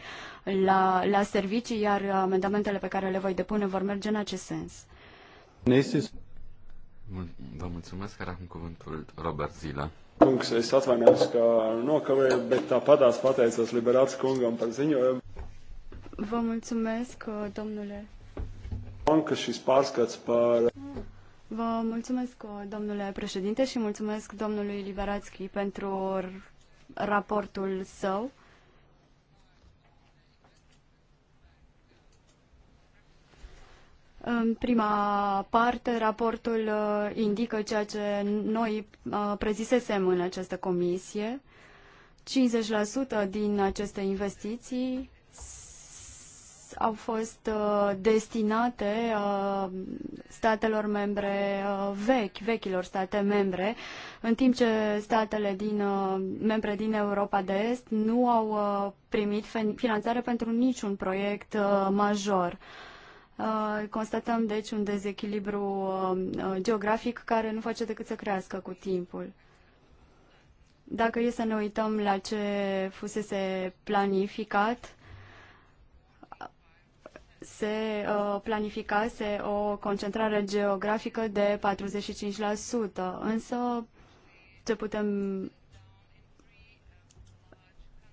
la, la servicii, iar amendamentele pe care le voi depune vor merge în acest sens. Vă mulțumesc, care acum cuvântul Robert Zila. Vă mulțumesc, domnule. și Vă mulțumesc, domnule președinte, și mulțumesc domnului Liberațchi pentru raportul său. În prima parte, raportul uh, indică ceea ce noi uh, prezisesem în această comisie. 50% din aceste investiții au fost uh, destinate statelor membre vechi, vechilor state membre, în timp ce statele din, membre din Europa de Est nu au primit finanțare pentru niciun proiect major. Uh, constatăm deci un dezechilibru uh, geografic care nu face decât să crească cu timpul. Dacă e să ne uităm la ce fusese planificat, se uh, planificase o concentrare geografică de 45%, însă ce putem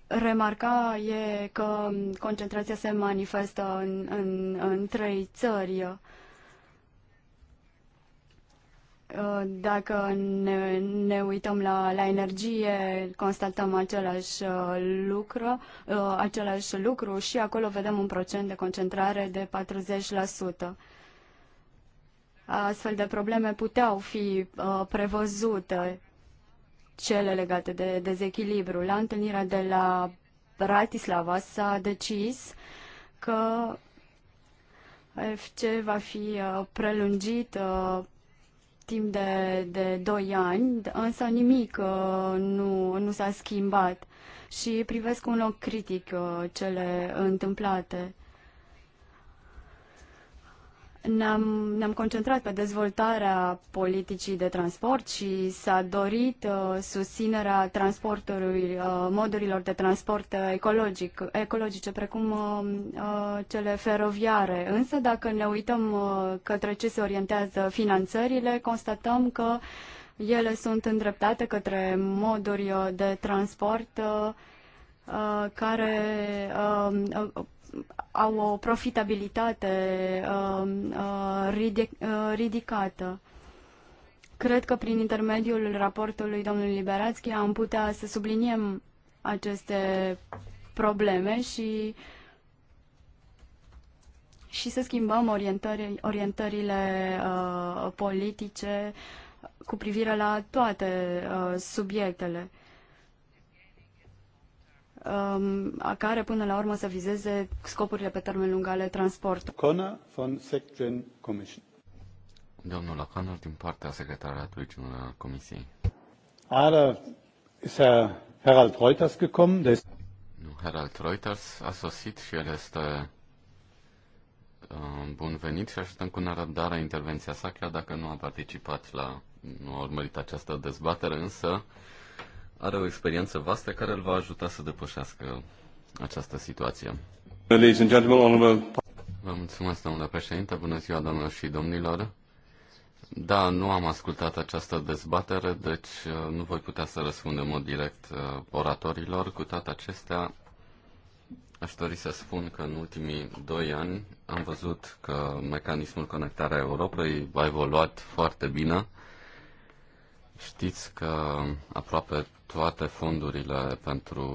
remarca e că concentrația se manifestă în, în, în trei țări. Dacă ne, ne uităm la, la energie, constatăm același uh, lucru, uh, același lucru și acolo vedem un procent de concentrare de 40%. Astfel de probleme puteau fi uh, prevăzute cele legate de dezechilibru. La întâlnirea de la Bratislava s-a decis că FC va fi uh, prelungit uh, timp de, de 2 ani, însă nimic uh, nu, nu s-a schimbat și privesc un loc critic cele întâmplate ne-am, ne-am concentrat pe dezvoltarea politicii de transport și s-a dorit uh, susținerea transportului, uh, modurilor de transport ecologic, ecologice, precum uh, uh cele feroviare. Însă, dacă ne uităm uh, către ce se orientează finanțările, constatăm că ele sunt îndreptate către moduri uh, de transport care au o profitabilitate um, uh, uh, ridicată. Cred că prin intermediul raportului domnului Liberațchi am putea să subliniem aceste probleme și, și să schimbăm orientări, orientările uh, politice cu privire la toate uh, subiectele um, care până la urmă să vizeze scopurile pe termen lung ale transportului. Connor von SecGen Commission. Domnul O'Connor din partea secretariatului general Comisiei. Ada, este Harald Reuters gekommen. Der nu, Harald Reuters a sosit și el este uh, bun venit și așteptăm cu nerăbdare intervenția sa, chiar dacă nu a participat la, nu a urmărit această dezbatere, însă are o experiență vastă care îl va ajuta să depășească această situație. Vă mulțumesc, domnule președinte. Bună ziua, domnilor și domnilor. Da, nu am ascultat această dezbatere, deci uh, nu voi putea să răspund în mod direct uh, oratorilor. Cu toate acestea, aș dori să spun că în ultimii doi ani am văzut că mecanismul conectarea Europei a evoluat foarte bine Știți că aproape toate fondurile pentru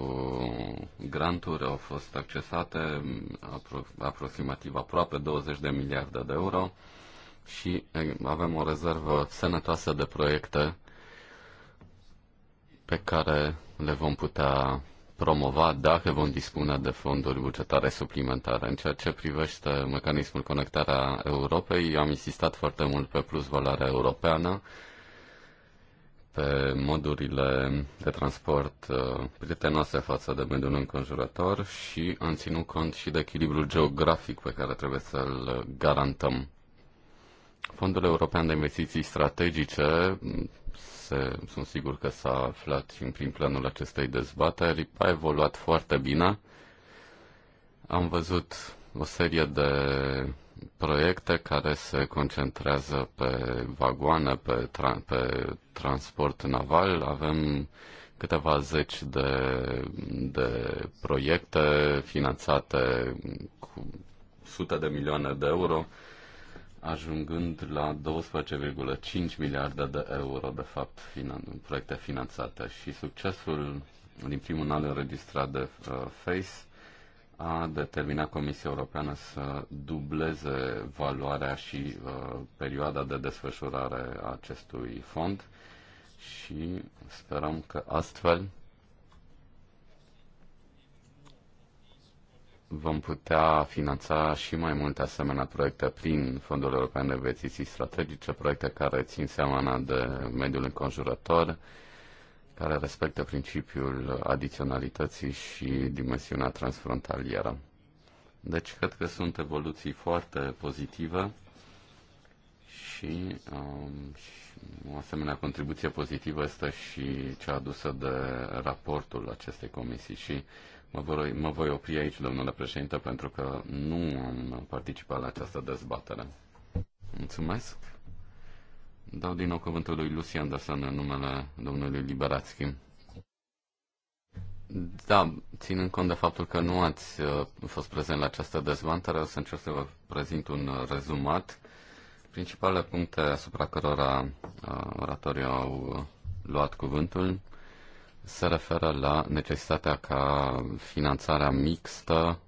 granturi au fost accesate, apro- aproximativ aproape 20 de miliarde de euro și eh, avem o rezervă sănătoasă de proiecte pe care le vom putea promova dacă vom dispune de fonduri bugetare suplimentare. În ceea ce privește mecanismul conectarea Europei, am insistat foarte mult pe plus valoarea europeană, pe modurile de transport uh, prietenoase față de mediul înconjurător și am ținut cont și de echilibrul geografic pe care trebuie să-l garantăm. Fondul European de Investiții Strategice, mm, se, sunt sigur că s-a aflat și în prim planul acestei dezbateri, a evoluat foarte bine. Am văzut o serie de proiecte care se concentrează pe vagoane, pe, tra- pe transport naval. Avem câteva zeci de, de proiecte finanțate cu sute de milioane de euro, ajungând la 12,5 miliarde de euro, de fapt, finan- proiecte finanțate. Și succesul din primul an înregistrat de uh, FACE a determinat Comisia Europeană să dubleze valoarea și uh, perioada de desfășurare a acestui fond și sperăm că astfel vom putea finanța și mai multe asemenea proiecte prin Fondul European de Investiții Strategice, proiecte care țin seama de mediul înconjurător, care respectă principiul adiționalității și dimensiunea transfrontalieră. Deci cred că sunt evoluții foarte pozitive și, um, și o asemenea contribuție pozitivă este și cea adusă de raportul acestei comisii și mă voi, mă voi opri aici, domnule președinte, pentru că nu am participat la această dezbatere. Mulțumesc! Dau din nou cuvântul lui Lucian Anderson în numele domnului Liberațchi. Da, ținând cont de faptul că nu ați uh, fost prezent la această dezbatere, o să încerc să vă prezint un rezumat. Principalele puncte asupra cărora uh, oratorii au uh, luat cuvântul se referă la necesitatea ca finanțarea mixtă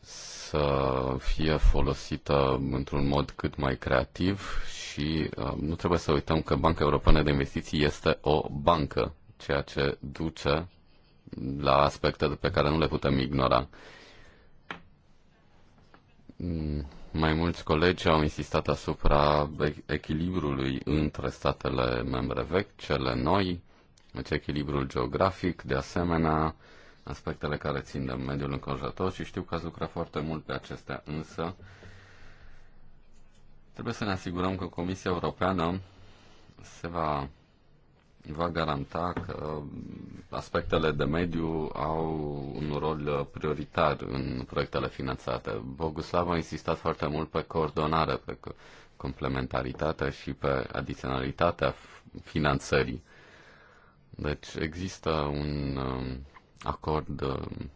să fie folosită într-un mod cât mai creativ și um, nu trebuie să uităm că Banca Europeană de Investiții este o bancă, ceea ce duce la aspecte pe care nu le putem ignora. Mm, mai mulți colegi au insistat asupra echilibrului între statele membre vechi, cele noi, deci echilibrul geografic, de asemenea, aspectele care țin de mediul înconjurător și știu că ați lucrat foarte mult pe acestea, însă Trebuie să ne asigurăm că Comisia Europeană se va, va garanta că aspectele de mediu au un rol prioritar în proiectele finanțate. Boguslav a insistat foarte mult pe coordonare, pe complementaritate și pe adiționalitatea finanțării. Deci există un um, acord um,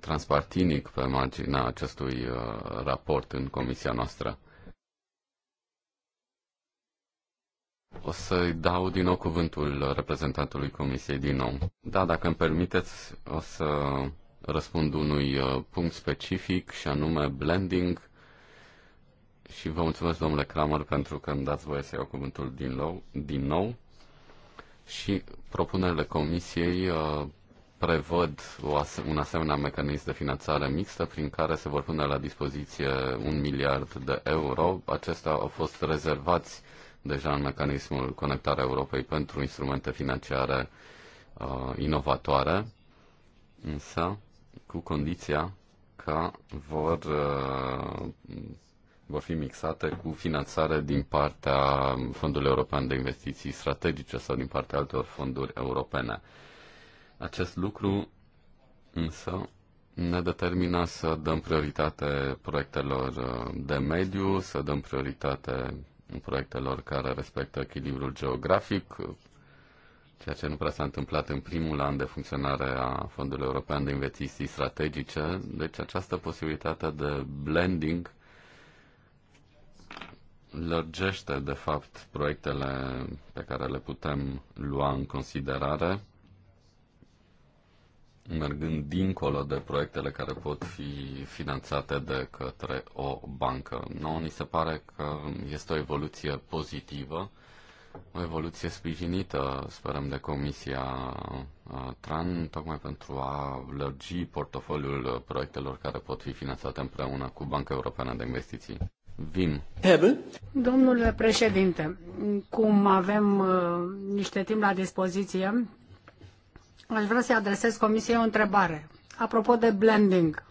transpartinic pe marginea acestui uh, raport în comisia noastră. O să-i dau din nou cuvântul reprezentantului Comisiei din nou. Da, dacă îmi permiteți, o să răspund unui uh, punct specific și anume blending. Și vă mulțumesc, domnule Kramer, pentru că îmi dați voie să iau cuvântul din nou. Din nou. Și propunerile Comisiei uh, prevăd o un asemenea mecanism de finanțare mixtă prin care se vor pune la dispoziție un miliard de euro. Acestea au fost rezervați deja în mecanismul Conectarea Europei pentru instrumente financiare uh, inovatoare, însă cu condiția că vor, uh, vor fi mixate cu finanțare din partea Fondului European de Investiții Strategice sau din partea altor fonduri europene. Acest lucru însă ne determină să dăm prioritate proiectelor uh, de mediu, să dăm prioritate proiectelor care respectă echilibrul geografic, ceea ce nu prea s-a întâmplat în primul an de funcționare a Fondului European de Investiții Strategice. Deci această posibilitate de blending lărgește, de fapt, proiectele pe care le putem lua în considerare mergând dincolo de proiectele care pot fi finanțate de către o bancă. nu ni se pare că este o evoluție pozitivă, o evoluție sprijinită, sperăm, de Comisia TRAN, tocmai pentru a lărgi portofoliul proiectelor care pot fi finanțate împreună cu Banca Europeană de Investiții. Vin. Domnule președinte, cum avem uh, niște timp la dispoziție, Aș vrea să-i adresez Comisiei o întrebare. Apropo de blending,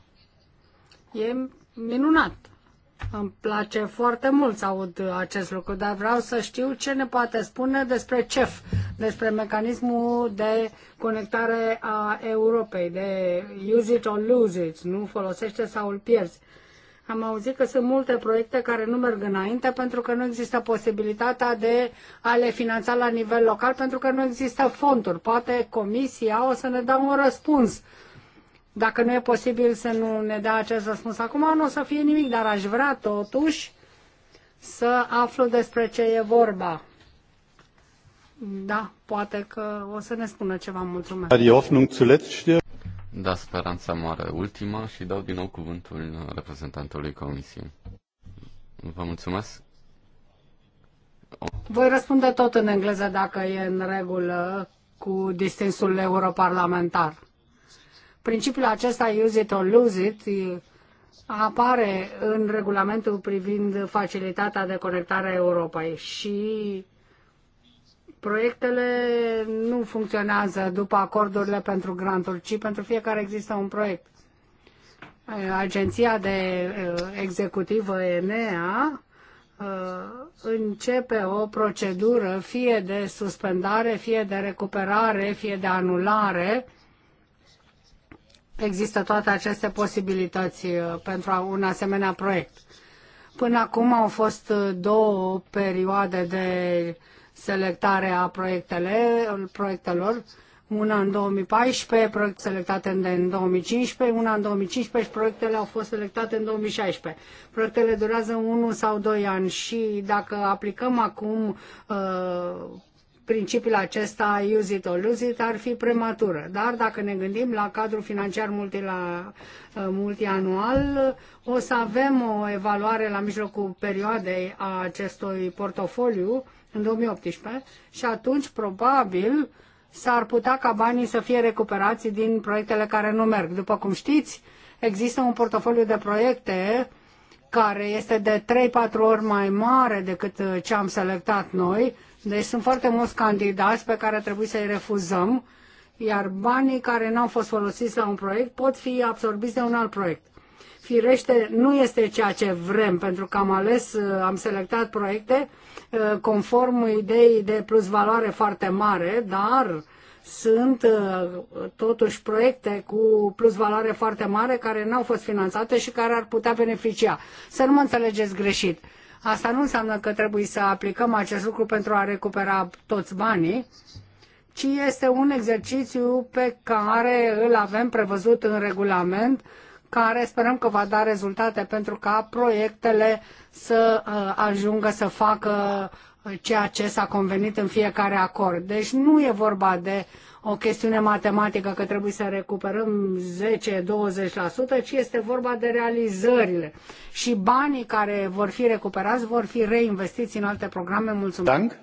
e minunat. Îmi place foarte mult să aud acest lucru, dar vreau să știu ce ne poate spune despre CEF, despre mecanismul de conectare a Europei, de use it or lose it, nu folosește sau îl pierzi. Am auzit că sunt multe proiecte care nu merg înainte pentru că nu există posibilitatea de a le finanța la nivel local pentru că nu există fonduri. Poate comisia o să ne dea un răspuns. Dacă nu e posibil să nu ne dea acest răspuns acum, nu o să fie nimic, dar aș vrea totuși să aflu despre ce e vorba. Da, poate că o să ne spună ceva. Mulțumesc. Da, speranța mare ultima și dau din nou cuvântul reprezentantului Comisiei. Vă mulțumesc. Voi răspunde tot în engleză dacă e în regulă cu distinsul europarlamentar. Principiul acesta, use it or lose it, apare în regulamentul privind facilitatea de conectare a Europei și Proiectele nu funcționează după acordurile pentru granturi, ci pentru fiecare există un proiect. Agenția de uh, executivă ENEA uh, începe o procedură fie de suspendare, fie de recuperare, fie de anulare. Există toate aceste posibilități uh, pentru un asemenea proiect. Până acum au fost două perioade de selectare a proiectelor, una în 2014, proiecte selectate în 2015, una în 2015 și proiectele au fost selectate în 2016. Proiectele durează 1 sau 2 ani și dacă aplicăm acum uh, principiul acesta use it or lose it ar fi prematură. Dar dacă ne gândim la cadrul financiar multila, uh, multianual, o să avem o evaluare la mijlocul perioadei a acestui portofoliu în 2018, și atunci probabil s-ar putea ca banii să fie recuperați din proiectele care nu merg. După cum știți, există un portofoliu de proiecte care este de 3-4 ori mai mare decât uh, ce am selectat noi, deci sunt foarte mulți candidați pe care trebuie să-i refuzăm, iar banii care n-au fost folosiți la un proiect pot fi absorbiți de un alt proiect. Firește, nu este ceea ce vrem, pentru că am ales, uh, am selectat proiecte uh, conform ideii de plus valoare foarte mare, dar sunt uh, totuși proiecte cu plus valoare foarte mare care n-au fost finanțate și care ar putea beneficia. Să nu mă înțelegeți greșit. Asta nu înseamnă că trebuie să aplicăm acest lucru pentru a recupera toți banii, ci este un exercițiu pe care îl avem prevăzut în regulament care sperăm că va da rezultate pentru ca proiectele să uh, ajungă să facă uh, ceea ce s-a convenit în fiecare acord. Deci nu e vorba de o chestiune matematică că trebuie să recuperăm 10-20%, ci este vorba de realizările. Și banii care vor fi recuperați vor fi reinvestiți în alte programe. Mulțumesc! Dank.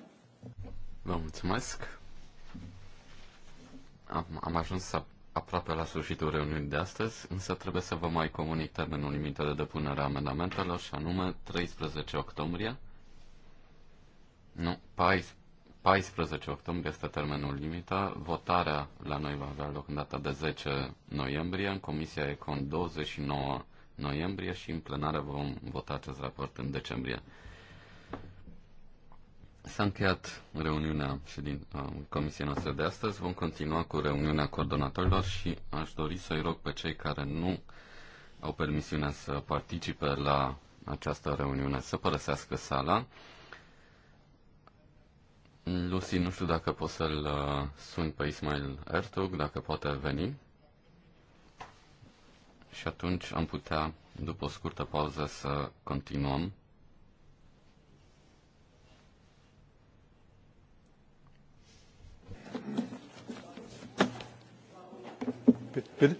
Vă mulțumesc! Am, am ajuns aproape la sfârșitul reuniunii de astăzi, însă trebuie să vă mai comunic termenul limită de depunere a amendamentelor, și anume 13 octombrie. Nu, 14 octombrie este termenul limită. Votarea la noi va avea loc în data de 10 noiembrie, în Comisia Econ 29 noiembrie și în plenară vom vota acest raport în decembrie. S-a încheiat reuniunea din uh, comisia noastră de astăzi. Vom continua cu reuniunea coordonatorilor și aș dori să-i rog pe cei care nu au permisiunea să participe la această reuniune să părăsească sala. Lucy, nu știu dacă pot să-l sun pe Ismail Ertug, dacă poate veni. Și atunci am putea, după o scurtă pauză, să continuăm Bitte?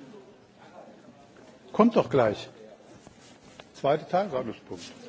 Kommt doch gleich. Zweiter Tagesordnungspunkt.